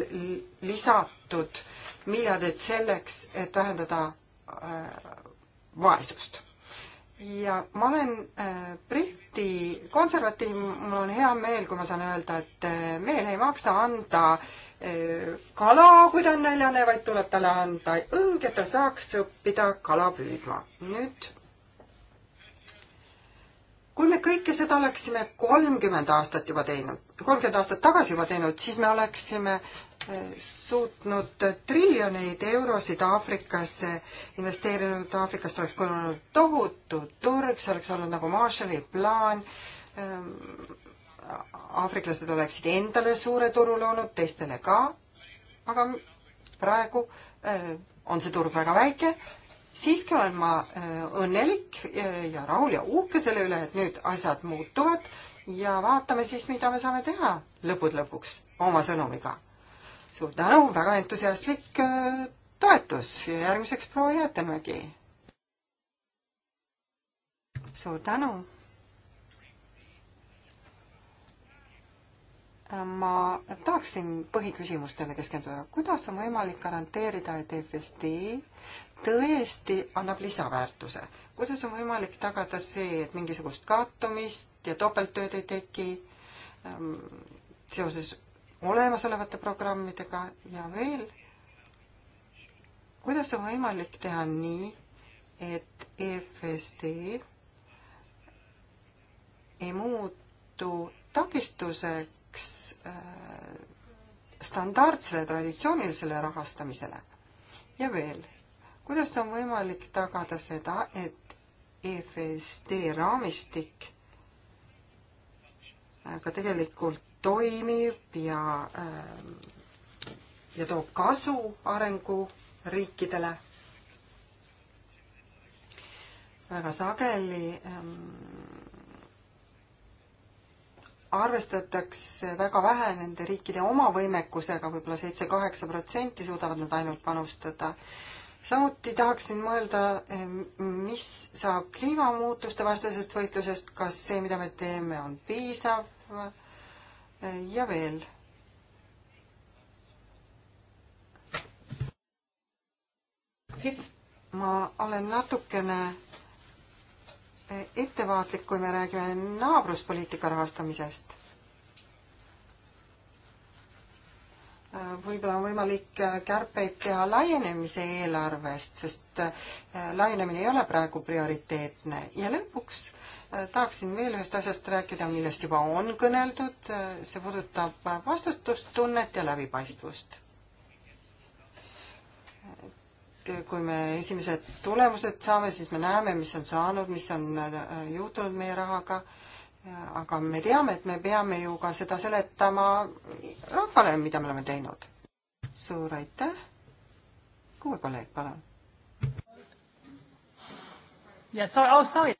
lisatud miljardid selleks, et vähendada äh, vaesust. ja ma olen äh, Briti konservatiiv, mul on hea meel, kui ma saan öelda, et meil ei maksa anda kala, kui ta on näljane, vaid tuleb talle anda õng, et ta saaks õppida kala püüdma. nüüd kui me kõike seda oleksime kolmkümmend aastat juba teinud, kolmkümmend aastat tagasi juba teinud, siis me oleksime eh, suutnud triljoneid eurosid Aafrikasse investeerinud, Aafrikast oleks kujunenud tohutu turg, see oleks olnud nagu Marshalli plaan, ehm, aafriklased oleksid endale suure turu loonud, teistele ka, aga praegu eh, on see turg väga väike siiski olen ma äh, õnnelik äh, ja rahul ja uhke selle üle, et nüüd asjad muutuvad ja vaatame siis, mida me saame teha lõppude lõpuks oma sõnumiga. suur tänu, väga entusiastlik äh, toetus ja järgmiseks proua Jäätenmägi. suur tänu ma tahaksin põhiküsimustele keskenduda. kuidas on võimalik garanteerida, et FSD tõesti annab lisaväärtuse. kuidas on võimalik tagada see, et mingisugust kattumist ja topelttööd ei teki ähm, seoses olemasolevate programmidega ja veel, kuidas on võimalik teha nii, et EFSD ei muutu takistuseks äh, standardsele traditsioonilisele rahastamisele ja veel kuidas on võimalik tagada seda, et EFSD raamistik äh, ka tegelikult toimib ja, äh, ja toob kasu arenguriikidele. väga sageli ähm, arvestatakse väga vähe nende riikide oma võimekusega võib, võib-olla seitse-kaheksa protsenti suudavad nad ainult panustada samuti tahaksin mõelda, eh, mis saab kliimamuutuste vastasest võitlusest, kas see, mida me teeme, on piisav eh, ja veel. ma olen natukene eh, ettevaatlik, kui me räägime naabruspoliitika rahastamisest võib-olla on võimalik äh, kärpeid teha laienemise eelarvest, sest äh, laienemine ei ole praegu prioriteetne ja lõpuks äh, tahaksin veel ühest asjast rääkida, millest juba on kõneldud, see puudutab vastutustunnet ja läbipaistvust. kui me esimesed tulemused saame, siis me näeme, mis on saanud, mis on juhtunud meie rahaga aga me teame, et me peame ju ka seda seletama rahvale, mida me oleme teinud. suur aitäh. kuue kolleeg, palun. Yeah, sorry. Oh, sorry.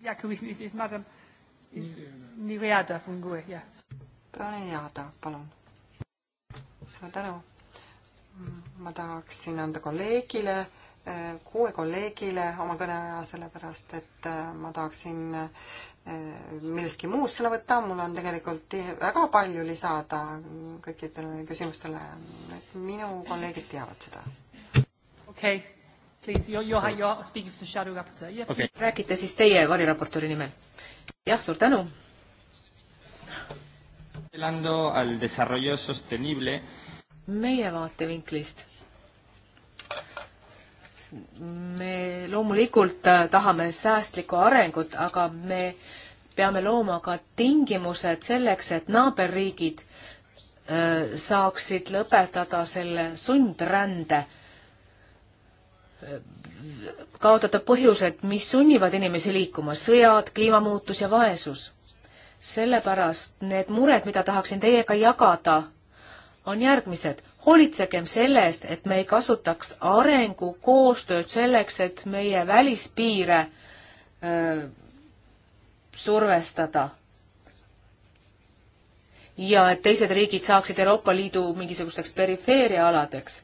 Yeah, can we, it's Madam it's Niriada from GUE, yeah. Niriada, palun. suur tänu. ma tahaksin anda kolleegile Äh, kuue kolleegile oma kõneaja, sellepärast et äh, ma tahaksin äh, millestki muust sõna võtta, mul on tegelikult väga palju lisada kõikidele küsimustele, et minu kolleegid teavad seda. okei okay., please, you are, you are speaking to the shadow raporteur yeah, okay.. räägite siis teie variraportööri nimel? jah, suur tänu. meie vaatevinklist me loomulikult äh, tahame säästlikku arengut, aga me peame looma ka tingimused selleks, et naaberriigid äh, saaksid lõpetada selle sundrände, äh, kaotada põhjused, mis sunnivad inimesi liikuma, sõjad, kliimamuutus ja vaesus. sellepärast need mured, mida tahaksin teiega jagada, on järgmised hoolitsegem selle eest, et me ei kasutaks arengukoostööd selleks, et meie välispiire öö, survestada. ja et teised riigid saaksid Euroopa Liidu mingisugusteks perifeeriaaladeks.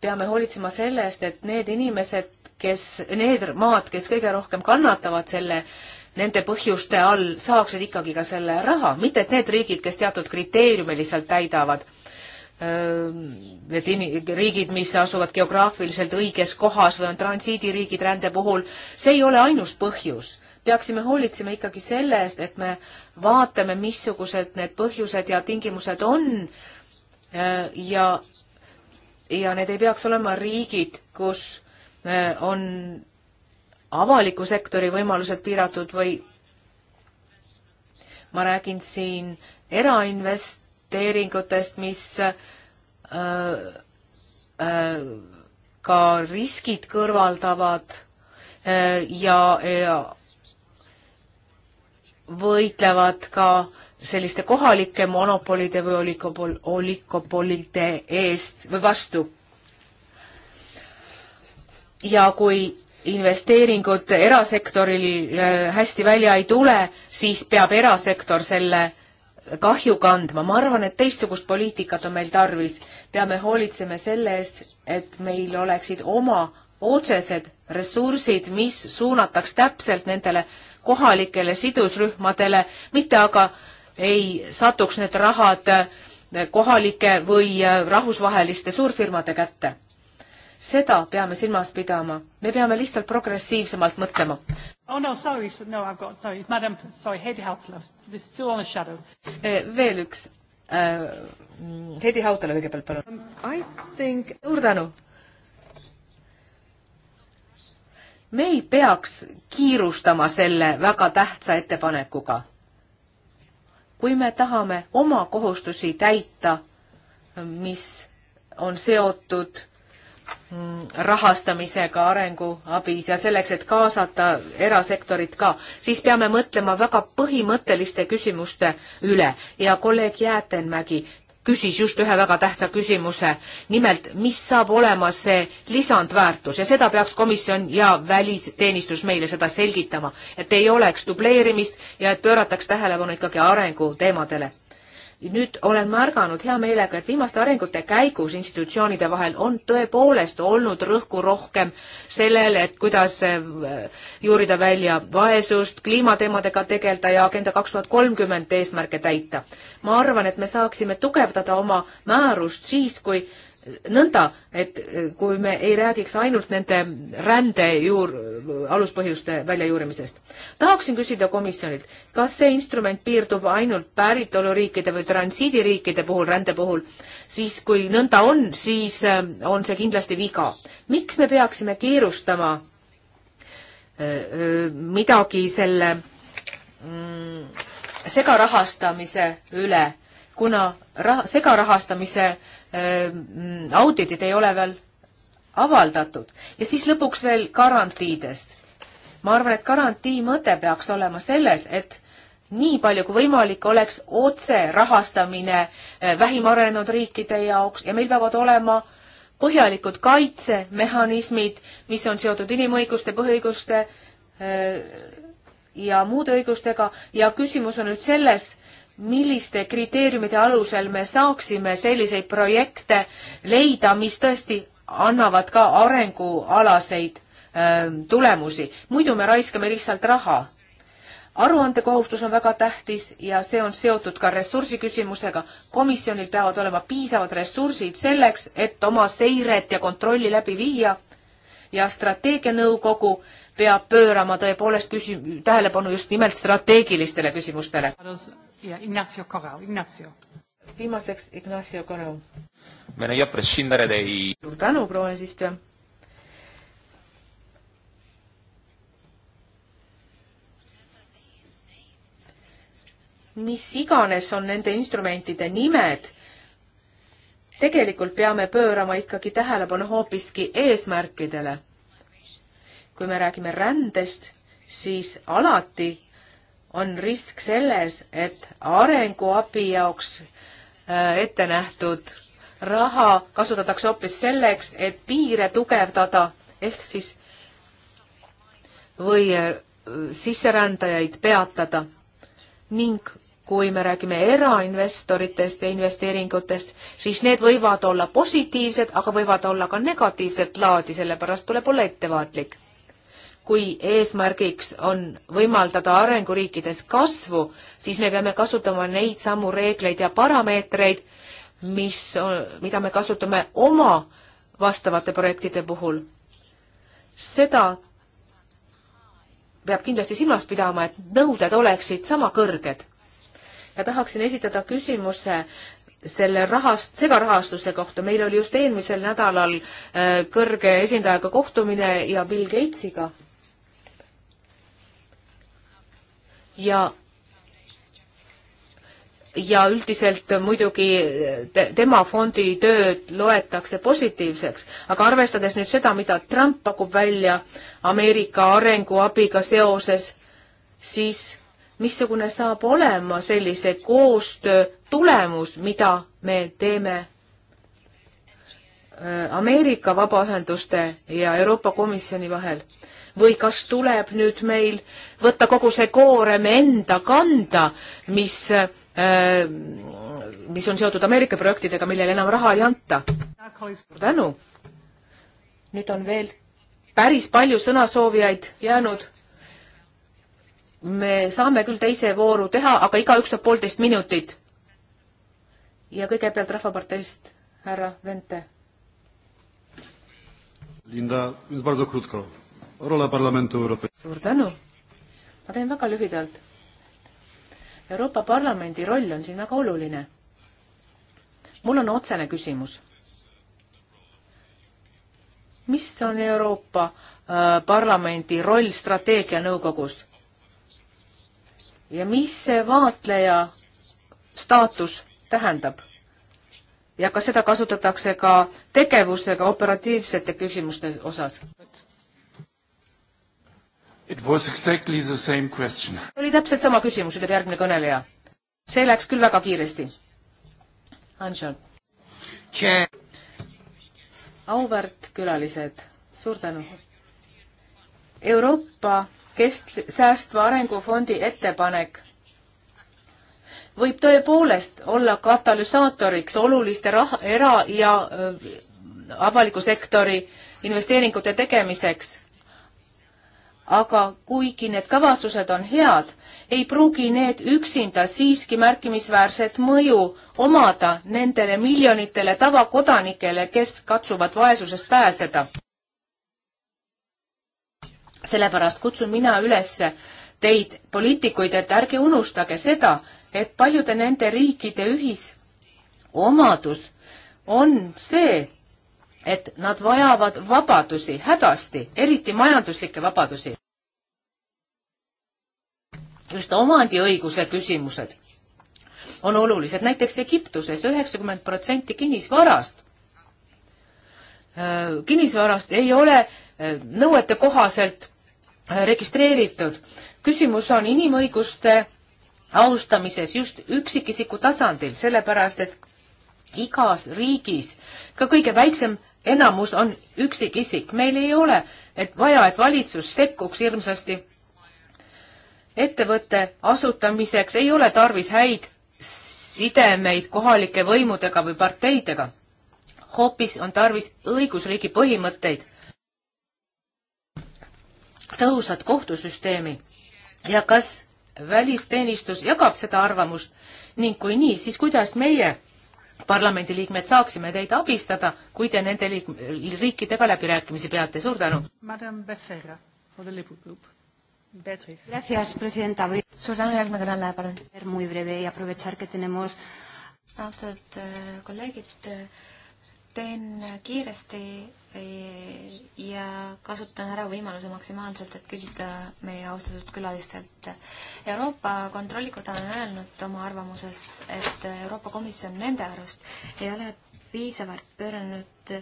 peame hoolitsema selle eest, et need inimesed, kes, need maad, kes kõige rohkem kannatavad selle nende põhjuste all saaksid ikkagi ka selle raha, mitte et need riigid, kes teatud kriteeriume lihtsalt täidavad Ehm, need riigid, mis asuvad geograafiliselt õiges kohas või on transiidiriigid rände puhul, see ei ole ainus põhjus. peaksime hoolitsema ikkagi selle eest, et me vaatame, missugused need põhjused ja tingimused on eh, ja, ja need ei peaks olema riigid, kus eh, on avaliku sektori võimalused piiratud või ma räägin siin erainvest-, investeeringutest, mis äh, äh, ka riskid kõrvaldavad äh, ja, ja võitlevad ka selliste kohalike monopolide või olikopol-, olikopolide eest või vastu. ja kui investeeringud erasektoril äh, hästi välja ei tule, siis peab erasektor selle kahju kandma. ma arvan, et teistsugust poliitikat on meil tarvis. peame hoolitsema selle eest, et meil oleksid oma otsesed ressursid, mis suunataks täpselt nendele kohalikele sidusrühmadele, mitte aga ei satuks need rahad kohalike või rahvusvaheliste suurfirmade kätte seda peame silmas pidama, me peame lihtsalt progressiivsemalt mõtlema. Oh no sorry, no I have got sorry, madam, sorry, Heidi Hautala, this is still on the shadow. Eh, veel üks äh,, Heidi Hautala kõigepealt, palun. Um, I think. suur tänu. me ei peaks kiirustama selle väga tähtsa ettepanekuga. kui me tahame oma kohustusi täita, mis on seotud Mm, rahastamisega arenguabis ja selleks, et kaasata erasektorit ka, siis peame mõtlema väga põhimõtteliste küsimuste üle ja kolleeg Jäätenmägi küsis just ühe väga tähtsa küsimuse, nimelt, mis saab olema see lisandväärtus ja seda peaks komisjon ja välisteenistus meile seda selgitama, et ei oleks dubleerimist ja et pöörataks tähelepanu ikkagi arenguteemadele nüüd olen märganud hea meelega, et viimaste arengute käigus institutsioonide vahel on tõepoolest olnud rõhku rohkem sellele, et kuidas äh, juurida välja vaesust, kliimateemadega tegeleda ja Agenda kaks tuhat kolmkümmend eesmärke täita. ma arvan, et me saaksime tugevdada oma määrust siis, kui nõnda, et eh, kui me ei räägiks ainult nende rände juur, aluspõhjuste väljajuurimisest. tahaksin küsida komisjonilt, kas see instrument piirdub ainult päritoluriikide või transiidiriikide puhul, rände puhul, siis kui nõnda on, siis eh, on see kindlasti viga. miks me peaksime kiirustama eh, midagi selle mm, segarahastamise üle, kuna rah-, segarahastamise äh, auditid ei ole veel avaldatud. ja siis lõpuks veel garantiidest. ma arvan, et garantii mõte peaks olema selles, et nii palju kui võimalik oleks otse rahastamine äh, vähim arenenud riikide jaoks ja meil peavad olema põhjalikud kaitsemehhanismid, mis on seotud inimõiguste, põhiõiguste äh, ja muude õigustega ja küsimus on nüüd selles, milliste kriteeriumide alusel me saaksime selliseid projekte leida, mis tõesti annavad ka arengualaseid ähm, tulemusi, muidu me raiskame lihtsalt raha. aruandekohustus on väga tähtis ja see on seotud ka ressursi küsimusega. komisjonil peavad olema piisavad ressursid selleks, et oma seiret ja kontrolli läbi viia ja strateegianõukogu peab pöörama tõepoolest küsim-, tähelepanu just nimelt strateegilistele küsimustele. Ignacio Corral, Ignacio. viimaseks Ignacio Corral. suur tänu, proua eesistuja. mis iganes on nende instrumentide nimed, tegelikult peame pöörama ikkagi tähelepanu hoopiski eesmärkidele kui me räägime rändest, siis alati on risk selles, et arenguabi jaoks äh, ette nähtud raha kasutatakse hoopis selleks, et piire tugevdada, ehk siis või äh, sisserändajaid peatada. ning kui me räägime erainvestoritest ja investeeringutest, siis need võivad olla positiivsed, aga võivad olla ka negatiivset laadi, sellepärast tuleb olla ettevaatlik kui eesmärgiks on võimaldada arenguriikides kasvu, siis me peame kasutama neid samu reegleid ja parameetreid, mis, mida me kasutame oma vastavate projektide puhul. seda peab kindlasti silmas pidama, et nõuded oleksid sama kõrged. ja tahaksin esitada küsimuse selle rahast, segarahastuse kohta, meil oli just eelmisel nädalal äh, kõrge esindajaga kohtumine ja Bill Gatesiga ja ja üldiselt muidugi te, tema fondi tööd loetakse positiivseks, aga arvestades nüüd seda, mida Trump pakub välja Ameerika arenguabiga seoses, siis missugune saab olema sellise koostöö tulemus, mida me teeme äh, Ameerika vabaühenduste ja Euroopa Komisjoni vahel või kas tuleb nüüd meil võtta kogu see koorem enda kanda, mis äh, mis on seotud Ameerika projektidega, millele enam raha ei anta. suur tänu. nüüd on veel päris palju sõnasoovijaid jäänud. me saame küll teise vooru teha, aga igaüks saab poolteist minutit. ja kõigepealt Rahvaparteist härra Vente. Linda, nüüd väga krótko rolle Parlamentu Euroopa. suur tänu. ma teen väga lühidalt. Euroopa Parlamendi roll on siin väga oluline. mul on otsene küsimus. mis on Euroopa äh, Parlamendi roll strateegianõukogus? ja mis see vaatleja staatus tähendab? ja kas seda kasutatakse ka tegevusega operatiivsete küsimuste osas? It was exactly the same question. oli täpselt sama küsimus, ütleb järgmine kõneleja. see läks küll väga kiiresti. Anžel. auväärt külalised, suur tänu. Euroopa kest-, säästva arengufondi ettepanek võib tõepoolest olla katalüsaatoriks oluliste rah-, era- ja öö, äh, avaliku sektori investeeringute tegemiseks aga kuigi need kavatsused on head, ei pruugi need üksinda siiski märkimisväärset mõju omada nendele miljonitele tavakodanikele, kes katsuvad vaesusest pääseda. sellepärast kutsun mina üles teid, poliitikuid, et ärge unustage seda, et paljude nende riikide ühisomadus on see, et nad vajavad vabadusi hädasti, eriti majanduslikke vabadusi. just omandiõiguse küsimused on olulised, näiteks Egiptuses üheksakümmend protsenti kinnisvarast, äh, kinnisvarast ei ole äh, nõuete kohaselt äh, registreeritud. küsimus on inimõiguste austamises just üksikisiku tasandil, sellepärast et igas riigis, ka kõige väiksem enamus on üksikisik, meil ei ole et vaja, et valitsus sekkuks hirmsasti. ettevõtte asutamiseks ei ole tarvis häid sidemeid kohalike võimudega või parteidega. hoopis on tarvis õigusriigi põhimõtteid, tõhusat kohtusüsteemi ja kas välisteenistus jagab seda arvamust ning kui nii, siis kuidas meie parlamendiliikmed saaksime teid abistada, kui te nende liik-, riikidega läbirääkimisi peate, suur tänu! suur tänu, järgmine kõneleja, palun! austatud eh, kolleegid, teen kiiresti ja kasutan ära võimaluse maksimaalselt, et küsida meie austatud külalistelt. Euroopa Kontrollikoda on öelnud oma arvamuses, et Euroopa Komisjon nende arust ei ole piisavalt pööranud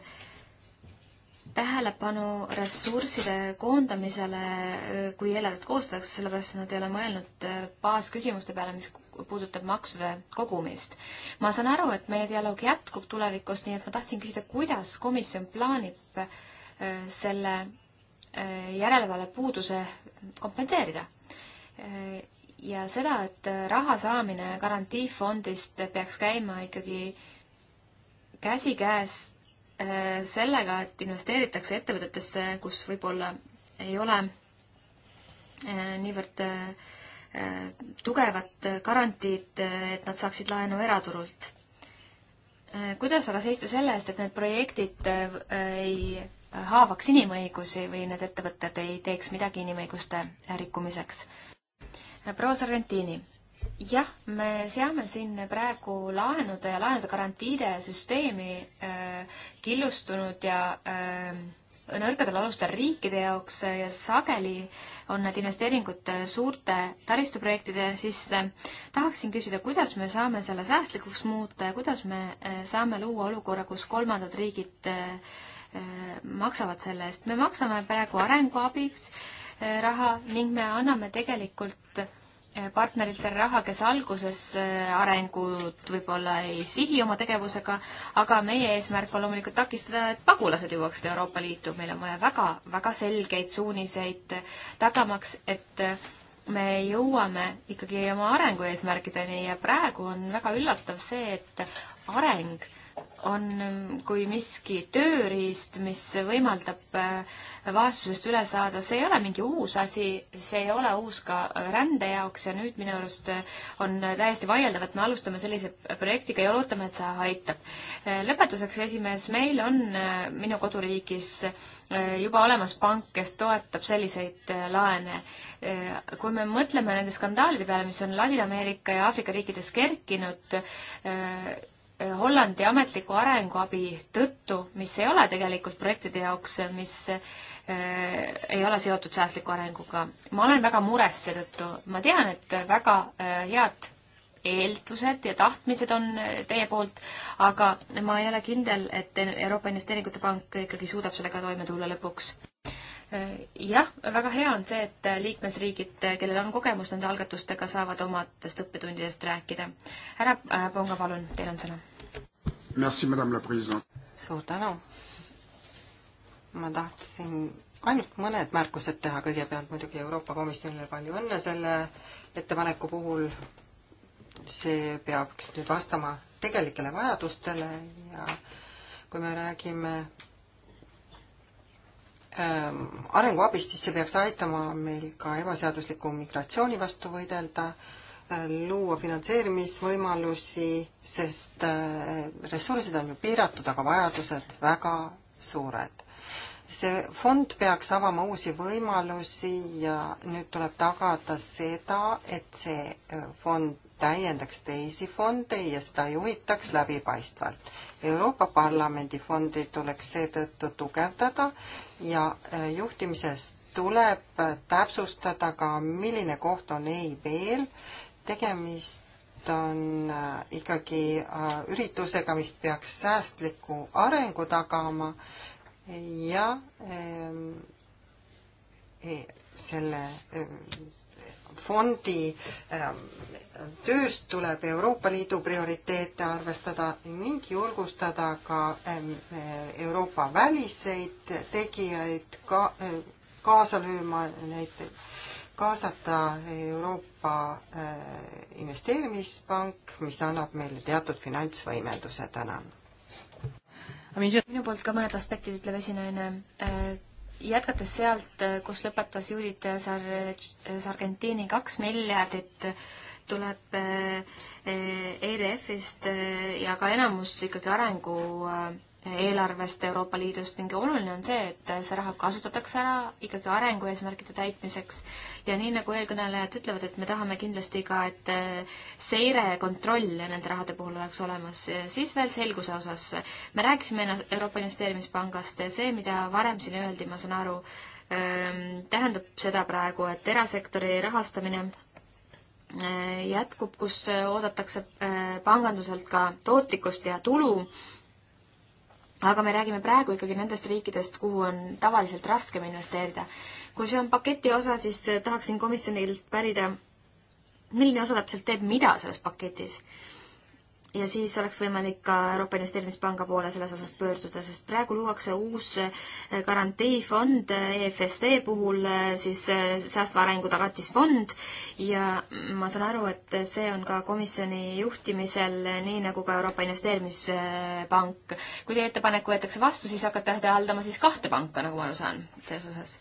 tähelepanu ressursside koondamisele, kui eelarvet koostatakse, sellepärast et nad ei ole mõelnud baasküsimuste peale, mis puudutab maksude kogumist. ma saan aru, et meie dialoog jätkub tulevikus, nii et ma tahtsin küsida, kuidas komisjon plaanib äh, selle äh, järelevalve puuduse kompenseerida? Äh, ja seda, et raha saamine garantiifondist peaks käima ikkagi käsikäes sellega, et investeeritakse ettevõtetesse, kus võib-olla ei ole niivõrd äh, tugevat garantiid, et nad saaksid laenu eraturult. kuidas aga seista selle eest, et need projektid äh, ei haavaks inimõigusi või need ettevõtted ei teeks midagi inimõiguste rikkumiseks? proua Sargentini jah, me seame siin praegu laenude ja laenude garantiide süsteemi äh, killustunud ja äh, nõrgadel alustel riikide jaoks ja sageli on need investeeringud suurte taristuprojektide sisse. tahaksin küsida, kuidas me saame selle säästlikuks muuta ja kuidas me eh, saame luua olukorra, kus kolmandad riigid eh, maksavad selle eest. me maksame praegu arenguabiks eh, raha ning me anname tegelikult partneritele raha, kes alguses äh, arengut võib-olla ei sihi oma tegevusega, aga meie eesmärk on loomulikult takistada, et pagulased jõuaksid Euroopa Liitu, meil on vaja väga, väga selgeid suuniseid äh, tagamaks, et äh, me jõuame ikkagi oma arengueesmärkideni ja praegu on väga üllatav see, et areng on kui miski tööriist, mis võimaldab äh, vaesusest üle saada, see ei ole mingi uus asi, see ei ole uus ka rände jaoks ja nüüd minu arust äh, on täiesti vaieldav, et me alustame sellise projektiga ja loodame, et see aitab. Äh, lõpetuseks, esimees, meil on minu koduriigis juba olemas pank, kes toetab selliseid laene. kui me mõtleme nende skandaalide peale, mis on Ladina-Ameerika ja Aafrika riikides kerkinud, Hollandi ametliku arenguabi tõttu, mis ei ole tegelikult projektide jaoks, mis eh, ei ole seotud säästliku arenguga. ma olen väga mures seetõttu, ma tean, et väga eh, head eeldused ja tahtmised on eh, teie poolt, aga ma ei ole kindel, et Euroopa Investeeringute Pank ikkagi suudab sellega toime tulla lõpuks. jah, väga hea on see, et liikmesriigid, kellel on kogemus nende algatustega, saavad omadest õppetundidest rääkida. härra Ponga, palun, teil on sõna Merci, madame la president. suur tänu. ma tahtsin ainult mõned märkused teha, kõigepealt muidugi Euroopa Komisjonile palju õnne selle ettepaneku puhul. see peaks nüüd vastama tegelikele vajadustele ja kui me räägime ähm, arenguabist, siis see peaks aitama meil ka ebaseadusliku migratsiooni vastu võidelda äh, luua finantseerimisvõimalusi, sest äh, ressursid on ju piiratud, aga vajadused väga suured. see fond peaks avama uusi võimalusi ja nüüd tuleb tagada seda, et see äh, fond täiendaks teisi fonde ja seda juhitaks läbipaistvalt. Euroopa Parlamendi fondi tuleks seetõttu tugevdada ja äh, juhtimises tuleb täpsustada ka, milline koht on EIB-l tegemist on äh, ikkagi äh, üritusega, mis peaks säästliku arengu tagama ja ähm, e, selle ähm, fondi ähm, tööst tuleb Euroopa Liidu prioriteete arvestada ning julgustada ka e, Euroopa väliseid tegijaid ka äh, kaasa lööma, näiteks kaasata Euroopa Euroopa äh, Investeerimispank, mis annab meile teatud finantsvõimenduse, tänan. minu poolt ka mõned aspektid, ütleb esinaine. Äh, jätkates sealt, äh, kus lõpetas Judith Sar-, Sargentini, kaks miljardit tuleb ERF-ist ja ka enamus ikkagi arengu äh, eelarvest Euroopa Liidust ning oluline on see, et see raha kasutatakse ära ikkagi arengueesmärkide täitmiseks ja nii, nagu eelkõnelejad ütlevad, et me tahame kindlasti ka, et eh, seire ja kontroll nende rahade puhul oleks olemas. siis veel selguse osas. me rääkisime Euroopa Investeerimispangast ja see, mida varem siin öeldi, ma saan aru, ehm, tähendab seda praegu, et erasektori rahastamine eh, jätkub, kus oodatakse eh, panganduselt ka tootlikkust ja tulu aga me räägime praegu ikkagi nendest riikidest, kuhu on tavaliselt raskem investeerida. kui see on paketi osa, siis eh, tahaksin komisjonilt pärida, milline osa täpselt teeb mida selles paketis ja siis oleks võimalik ka Euroopa Investeerimispanga poole selles osas pöörduda, sest praegu luuakse uus äh, garantiifond äh, EFSD puhul, äh, siis säästva arengu tagatisfond ja ma saan aru, et see on ka komisjoni juhtimisel, nii nagu ka Euroopa Investeerimispank. kui teie ettepanek võetakse vastu, siis hakkate haldama siis kahte panka, nagu ma aru saan, selles osas.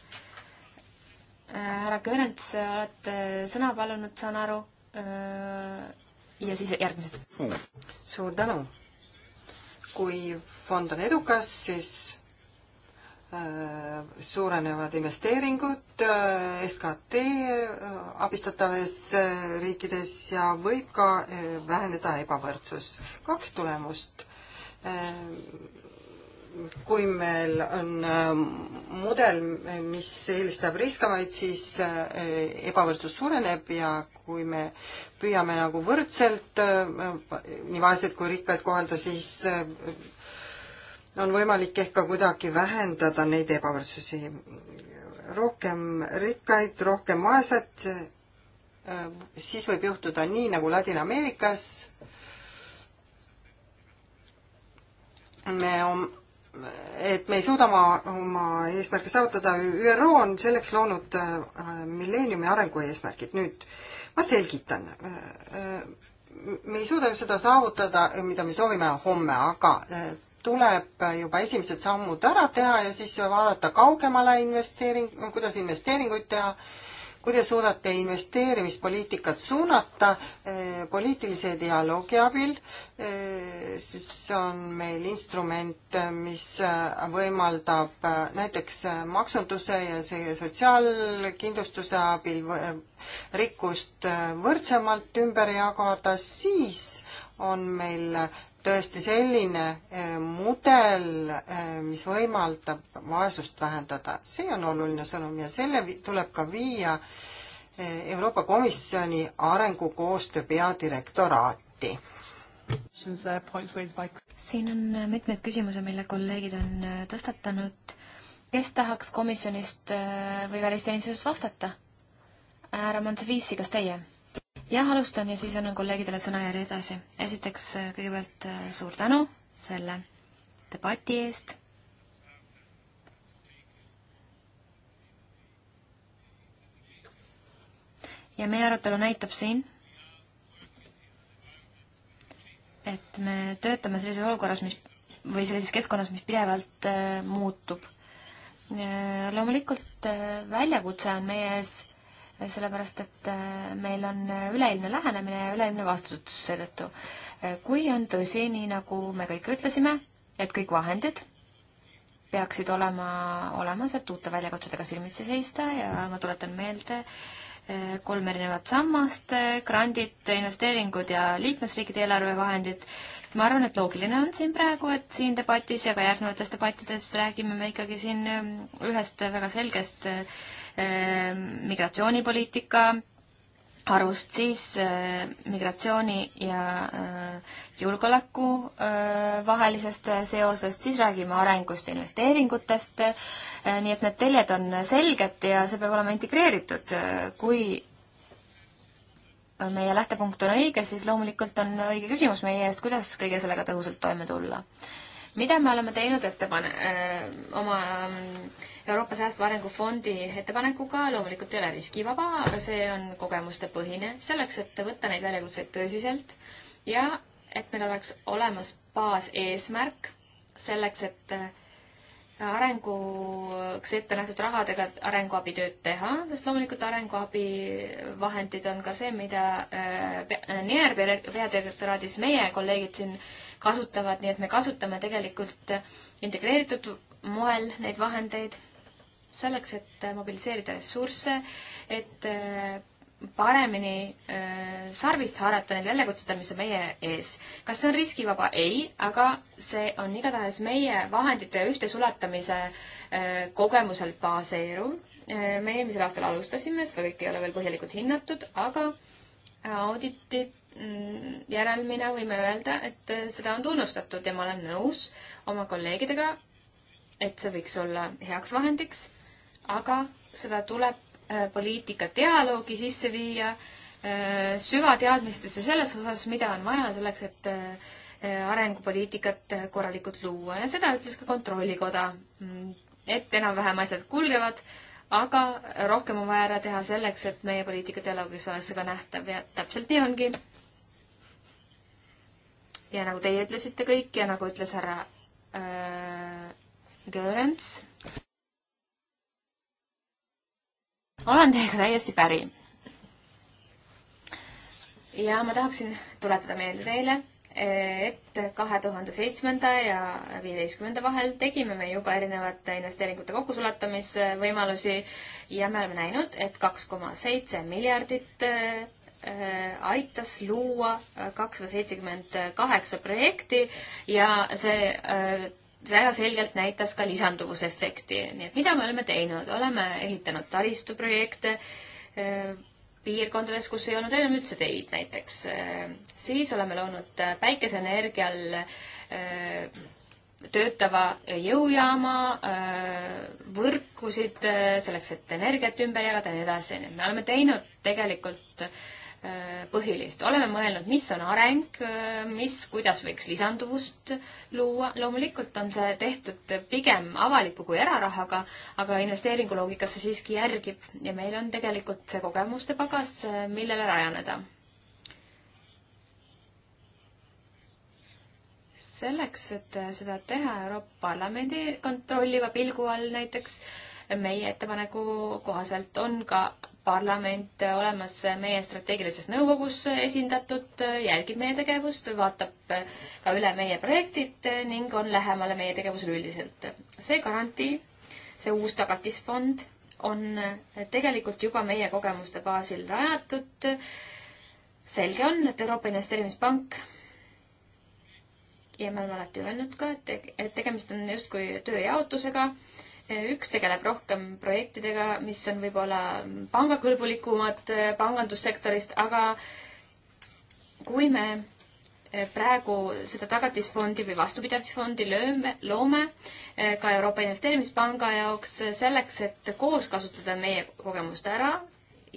härra Kõrents, olete sõna palunud, saan aru ja siis järgmised mm.. suur tänu. kui fond on edukas, siis äh, suurenevad investeeringud äh, SKT äh, abistataves riikides ja võib ka väheneda ebavõrdsus. kaks tulemust kui meil on äh, mudel, mis eelistab riskavaid, siis äh, ebavõrdsus suureneb ja kui me püüame nagu võrdselt äh, nii vaeseid kui rikkaid kohelda, siis on võimalik ehk ka kuidagi vähendada neid ebavõrdsusi. rohkem rikkaid, rohkem vaesed, siis võib juhtuda nii nagu Ladina-Ameerikas. me et me ei suuda oma, oma eesmärke saavutada, ÜRO on selleks loonud äh, milleeniumi arengu eesmärgid. nüüd ma selgitan. Äh, me ei suuda seda saavutada, mida me soovime homme, aga äh, tuleb juba esimesed sammud ära teha ja siis vaadata kaugemale investeering, kuidas investeeringuid teha kuidas suudate investeerimispoliitikat suunata eh, poliitilise dialoogi abil, eh, siis on meil instrument, mis eh, võimaldab näiteks maksunduse ja see sotsiaalkindlustuse abil rikkust võrdsemalt ümber jagada, siis on meil tõesti selline eh, mudel, eh, mis võimaldab vaesust vähendada, see on oluline sõnum ja selle tuleb ka viia eh, Euroopa Komisjoni arengukoostöö peadirektoraati. siin on mitmeid küsimusi, mille kolleegid on tõstatanud. kes tahaks komisjonist või välisteenistusest vastata? härra Montsevici, kas teie? jah, alustan ja siis annan kolleegidele sõnajärje edasi. esiteks äh, kõigepealt äh, suur tänu selle debati eest. ja meie arutelu näitab siin, et me töötame sellises olukorras, mis või sellises keskkonnas, mis pidevalt äh, muutub. Äh, loomulikult äh, väljakutse on meie ees sellepärast et äh, meil on äh, üleilmne lähenemine ja üleilmne vastutus seetõttu. Äh, kui on tõsi, nii nagu me kõik ütlesime, et kõik vahendid peaksid olema olemas, et uute väljakutsedega silmitsi seista ja ma tuletan meelde, kolm erinevat sammast, grandid, investeeringud ja liikmesriikide eelarvevahendid. ma arvan, et loogiline on siin praegu, et siin debatis ja ka järgnevates debattides räägime me ikkagi siin ühest väga selgest äh, Ehm, migratsioonipoliitika arust siis äh, migratsiooni ja äh, julgeoleku äh, vahelisest seosest, siis räägime arengust ja investeeringutest äh,, nii et need teljed on selged ja see peab olema integreeritud äh,, kui meie lähtepunkt on õige, siis loomulikult on õige küsimus meie eest, kuidas kõige sellega tõhusalt toime tulla. mida me oleme teinud ettepane- äh,, oma äh, Euroopa Säästva Arengu Fondi ettepanekuga, loomulikult ei ole riskivaba, aga see on kogemuste põhine, selleks, et võtta neid väljakutseid tõsiselt ja et meil oleks olemas baaseesmärk selleks, et äh, arenguks ette nähtud rahadega arenguabitööd teha, sest loomulikult arenguabivahendid on ka see, mida äh, äh, NIR peadirektoraadis meie kolleegid siin kasutavad, nii et me kasutame tegelikult integreeritud moel neid vahendeid selleks, et mobiliseerida ressursse, et äh, paremini äh, sarvist haarata neil väljakutsedel, mis on meie ees. kas see on riskivaba? ei, aga see on igatahes meie vahendite ühtesulatamise äh, kogemusel baseeruv. me eelmisel aastal alustasime, seda kõike ei ole veel põhjalikult hinnatud, aga auditi mm, järelmina võime öelda, et seda on tunnustatud ja ma olen nõus oma kolleegidega, et see võiks olla heaks vahendiks aga seda tuleb äh, poliitika dialoogi sisse viia, äh, süvateadmistesse selles osas, mida on vaja selleks, et äh, arengupoliitikat korralikult luua ja seda ütles ka Kontrollikoda, mm, et enam-vähem asjad kulgevad, aga rohkem on vaja ära teha selleks, et meie poliitika dialoogis oleks see ka nähtav ja täpselt nii ongi. ja nagu teie ütlesite kõik ja nagu ütles härra äh, Görens olen teiega täiesti päri. ja ma tahaksin tuletada meelde teile, et kahe tuhande seitsmenda ja viieteistkümnenda vahel tegime me juba erinevate investeeringute kokkusulatamisvõimalusi ja me oleme näinud, et kaks koma seitse miljardit äh, aitas luua kakssada seitsekümmend kaheksa projekti ja see äh, see väga selgelt näitas ka lisanduvusefekti, nii et mida me oleme teinud, oleme ehitanud taristuprojekte äh, piirkondades, kus ei olnud enam üldse teid näiteks. Äh, siis oleme loonud äh, päikeseenergial töötava jõujaama võrkusid selleks, et energiat ümber jagada ja nii edasi, nii et me oleme teinud tegelikult äh, Äh, põhilist. oleme mõelnud, mis on areng, äh, mis, kuidas võiks lisanduvust luua. loomulikult on see tehtud pigem avaliku kui erarahaga, aga investeeringuloogika see siiski järgib ja meil on tegelikult see kogemuste pagas, äh, millele rajaneda. selleks, et seda teha Euroopa Parlamendi kontrolliva pilgu all näiteks, meie ettepaneku kohaselt on ka parlament äh, olemas meie strateegilises nõukogus äh, esindatud, äh, jälgib meie tegevust, vaatab ka üle meie projektid ning on lähemale meie tegevusele üldiselt. see garantii, see uus tagatisfond on tegelikult juba meie kogemuste baasil rajatud. selge on, et Euroopa Investeerimispank ja me oleme alati öelnud ka, et tegemist on justkui tööjaotusega üks tegeleb rohkem projektidega, mis on võib-olla pangakõlbulikumad äh, pangandussektorist, aga kui me äh, praegu seda tagatisfondi või vastupidavusfondi lööme, loome äh, ka Euroopa Investeerimispanga jaoks selleks, et koos kasutada meie kogemust ära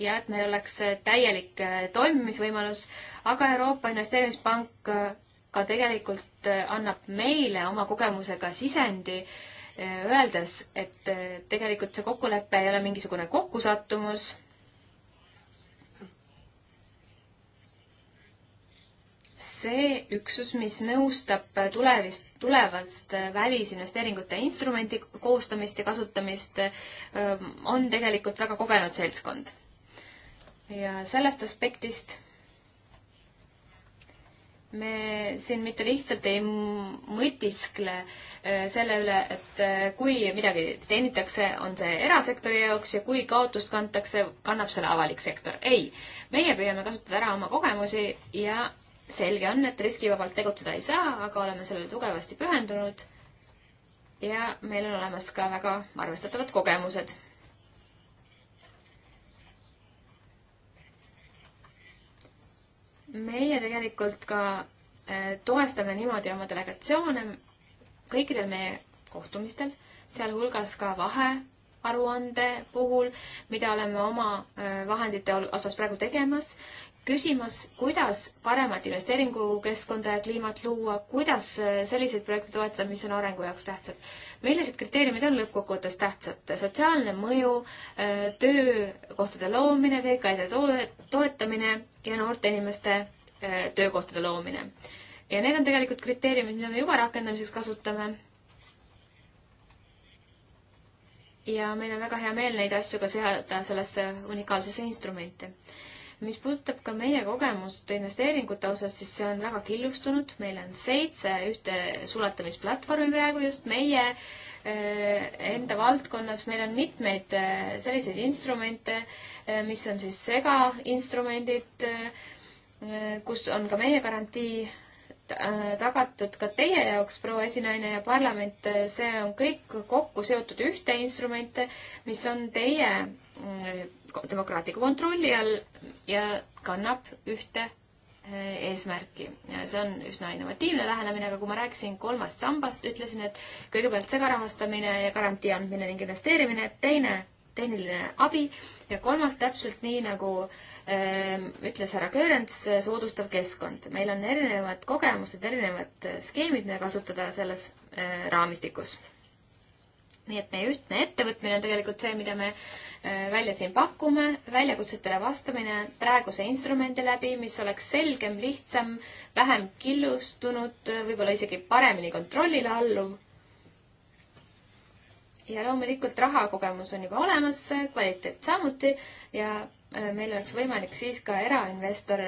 ja et meil oleks täielik toimimisvõimalus, aga Euroopa Investeerimispank ka tegelikult annab meile oma kogemusega sisendi äh, Äh, öeldes, et äh, tegelikult see kokkulepe ei ole mingisugune kokkusattumus, see üksus, mis nõustab tulevist, tulevast äh, välisinvesteeringute instrumenti koostamist ja kasutamist, on tegelikult väga kogenud seltskond. ja sellest aspektist me siin mitte lihtsalt ei mõtiskle äh, selle üle, et äh, kui midagi teenitakse, on see erasektori jaoks ja kui kaotust kantakse, kannab selle avalik sektor. ei, meie püüame kasutada ära oma kogemusi ja selge on, et riskivabalt tegutseda ei saa, aga oleme sellele tugevasti pühendunud. ja meil on olemas ka väga arvestatavad kogemused meie tegelikult ka äh, toestame niimoodi oma delegatsioone kõikidel meie kohtumistel, sealhulgas ka vahearuande puhul, mida oleme oma äh, vahendite osas praegu tegemas küsimas, kuidas paremat investeeringukeskkonda ja kliimat luua, kuidas äh, selliseid projekte toetada, mis on arengu jaoks tähtsad. millised kriteeriumid on lõppkokkuvõttes tähtsad? sotsiaalne mõju, äh, töökohtade loomine, VKD toetamine ja noorte inimeste äh, töökohtade loomine. ja need on tegelikult kriteeriumid, mida me juba rakendamiseks kasutame. ja meil on väga hea meel neid asju ka seada sellesse unikaalsesse instrumenti mis puudutab ka meie kogemust investeeringute osas, siis see on väga killustunud, meil on seitse ühte sulatamisplatvormi praegu just meie äh, enda valdkonnas, meil on mitmeid äh, selliseid instrumente, äh, mis on siis segainstrumendid, kus on ka meie garantii tagatud ka teie jaoks, proua esinaine ja parlament, see on kõik kokku seotud ühte instrumente, mis on teie Eh, demokraatliku kontrolli all ja kannab ühte eh, eesmärki. see on üsna innovatiivne lähenemine, aga kui ma rääkisin kolmast sambast, ütlesin, et kõigepealt segarahastamine ja garantii andmine ning investeerimine, teine tehniline abi ja kolmas täpselt nii, nagu öö, eh, ütles härra Köörents, soodustav keskkond. meil on erinevad kogemused, erinevad skeemid, mida kasutada selles öö, raamistikus nii et meie ühtne ettevõtmine on tegelikult see, mida me äh, välja siin pakume, väljakutsetele vastamine praeguse instrumendi läbi, mis oleks selgem, lihtsam, vähem killustunud, võib-olla isegi paremini kontrollile alluv. ja loomulikult rahakogemus on juba olemas, kvaliteet samuti ja äh, meil oleks võimalik siis ka erainvestor,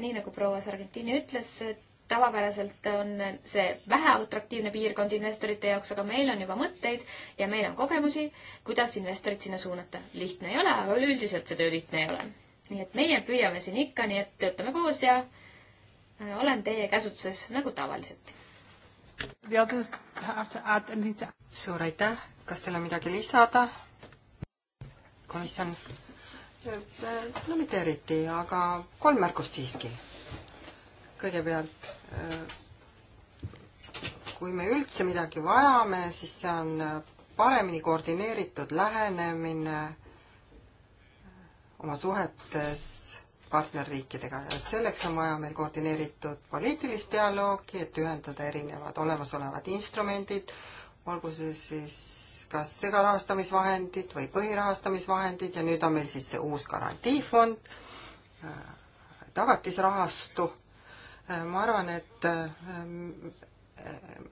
nii nagu proua Sargentini ütles, et tavapäraselt on see väheatraktiivne piirkond investorite jaoks, aga meil on juba mõtteid ja meil on kogemusi, kuidas investorit sinna suunata. lihtne ei ole, aga üleüldiselt see töö lihtne ei ole. nii et meie püüame siin ikka, nii et töötame koos ja äh, olen teie käsutuses nagu tavaliselt. suur aitäh, kas teil on midagi lisada? komisjon äh, äh, no mitte eriti, aga kolm märkust siiski kõigepealt äh, kui me üldse midagi vajame, siis see on äh, paremini koordineeritud lähenemine äh, oma suhetes partnerriikidega ja selleks on vaja meil koordineeritud poliitilist dialoogi, et ühendada erinevad olemasolevad instrumendid, olgu see siis kas segarahastamisvahendid või põhirahastamisvahendid ja nüüd on meil siis see uus garantiifond, tagatisrahastu ma arvan, et äh,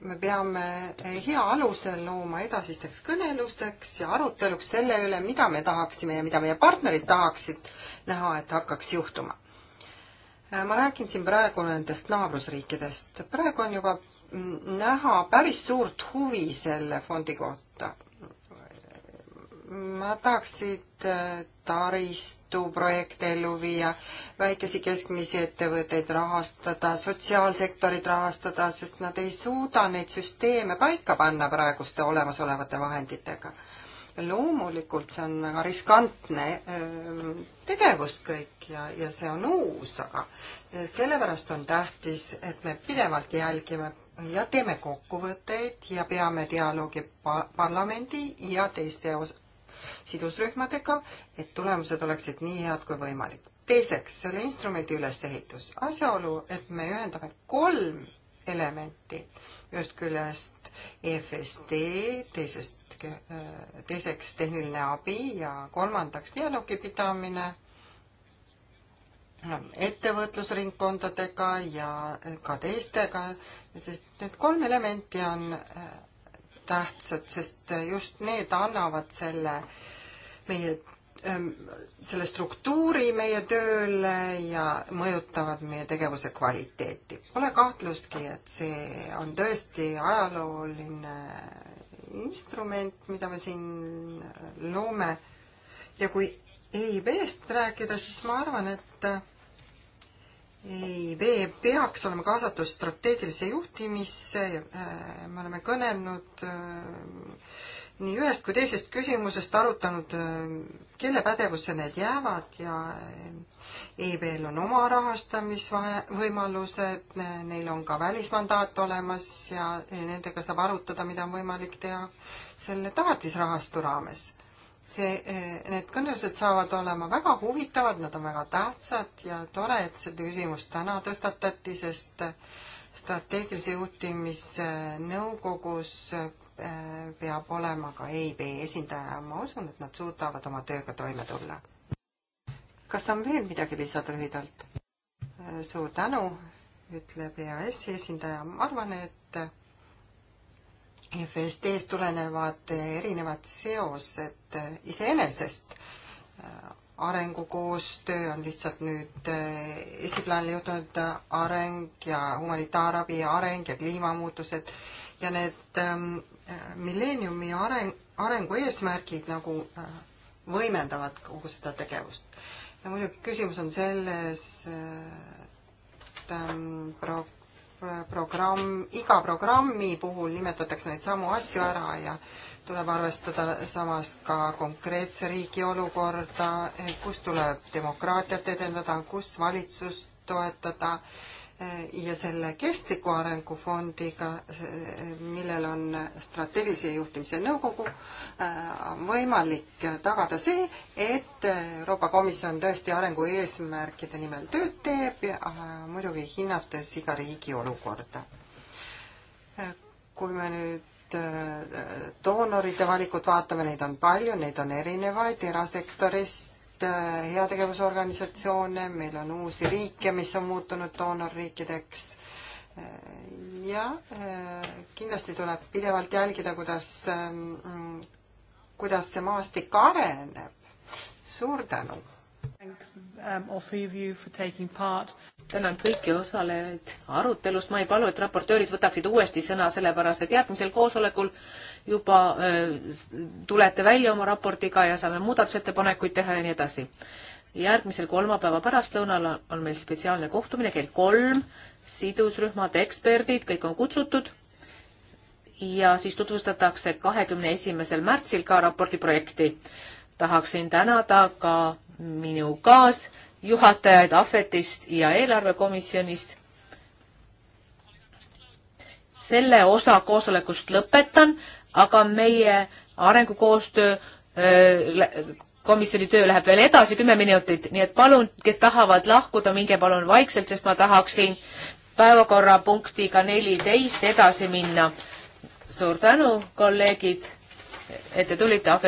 me peame hea aluse looma edasisteks kõnelusteks ja aruteluks selle üle, mida me tahaksime ja mida meie partnerid tahaksid näha, et hakkaks juhtuma. Äh, ma räägin siin praegu nendest naabrusriikidest. praegu on juba mm, näha päris suurt huvi selle fondi kohta. ma tahaksin äh, taristuprojekte ellu viia, väikesi keskmisi ettevõtteid rahastada, sotsiaalsektorit rahastada, sest nad ei suuda neid süsteeme paika panna praeguste olemasolevate vahenditega. loomulikult see on väga riskantne ähm, tegevus kõik ja, ja see on uus, aga sellepärast on tähtis, et me pidevalt jälgime ja teeme kokkuvõtteid ja peame dialoogi par parlamendi ja teiste os sidusrühmadega, et tulemused oleksid nii head kui võimalik. teiseks, selle instrumendi ülesehitus. asjaolu, et me ühendame kolm elementi, ühest küljest EFSD, teisest, teiseks tehniline abi ja kolmandaks dialoogi pidamine ettevõtlusringkondadega ja ka teistega, sest need kolm elementi on tähtsad, sest just need annavad selle meie, ähm, selle struktuuri meie tööle ja mõjutavad meie tegevuse kvaliteeti. Pole kahtlustki, et see on tõesti ajalooline instrument, mida me siin loome. ja kui EIB-st rääkida, siis ma arvan, et EIB peaks olema kaasatud strateegilisse juhtimisse, äh, me oleme kõnelnud äh, nii ühest kui teisest küsimusest, arutanud, äh, kelle pädevusse need jäävad ja EIB-l on oma rahastamisvõimalused, neil on ka välismandaat olemas ja nendega saab arutada, mida on võimalik teha selle tagatisrahastu raames see, need kõnelused saavad olema väga huvitavad, nad on väga tähtsad ja tore, et seda küsimust täna tõstatati, sest strateegilise juhtimise nõukogus äh, peab olema ka EIB esindaja. ma usun, et nad suudavad oma tööga toime tulla. kas on veel midagi lisada lühidalt? Äh, suur tänu, ütleb EAS-i esindaja. ma arvan, et FSD-st tulenevad erinevad seosed iseenesest. arengukoostöö on lihtsalt nüüd eh, esiplaanile jõudnud areng ja humanitaarabi areng ja kliimamuutused ja need ähm, milleeniumi areng, arengu eesmärgid nagu äh, võimendavad kogu seda tegevust. ja muidugi küsimus on selles äh,, et ähm, pro-, programm, iga programmi puhul nimetatakse neid samu asju ära ja tuleb arvestada samas ka konkreetse riigi olukorda, kus tuleb demokraatiat edendada, kus valitsust toetada ja selle kestliku arengufondiga, millel on strateegilise juhtimise nõukogu, äh, on võimalik tagada see, et Euroopa Komisjon tõesti arengu eesmärkide nimel tööd teeb ja äh, muidugi hinnates iga riigi olukorda. Äh, kui me nüüd doonorite valikut vaatame, neid on palju, neid on erinevaid erasektorist Äh, heategevusorganisatsioone, meil on uusi riike, mis on muutunud doonorriikideks. Äh, ja äh, kindlasti tuleb pidevalt jälgida, kuidas, ähm, kuidas see maastik areneb. suur tänu! Um, tänan kõiki osalejaid arutelust, ma ei palu, et raportöörid võtaksid uuesti sõna, sellepärast et järgmisel koosolekul juba äh, tulete välja oma raportiga ja saame muudatusettepanekuid teha ja nii edasi. järgmisel kolmapäeva pärastlõunal on meil spetsiaalne kohtumine kell kolm, sidusrühmade eksperdid, kõik on kutsutud ja siis tutvustatakse kahekümne esimesel märtsil ka raporti projekti. tahaksin tänada ka minu kaas- juhatajaid Ahvetist ja eelarvekomisjonist. selle osa koosolekust lõpetan, aga meie arengukoostöö komisjoni töö läheb veel edasi kümme minutit, nii et palun, kes tahavad lahkuda, minge palun vaikselt, sest ma tahaksin päevakorrapunktiga neliteist edasi minna. suur tänu, kolleegid, et te tulite.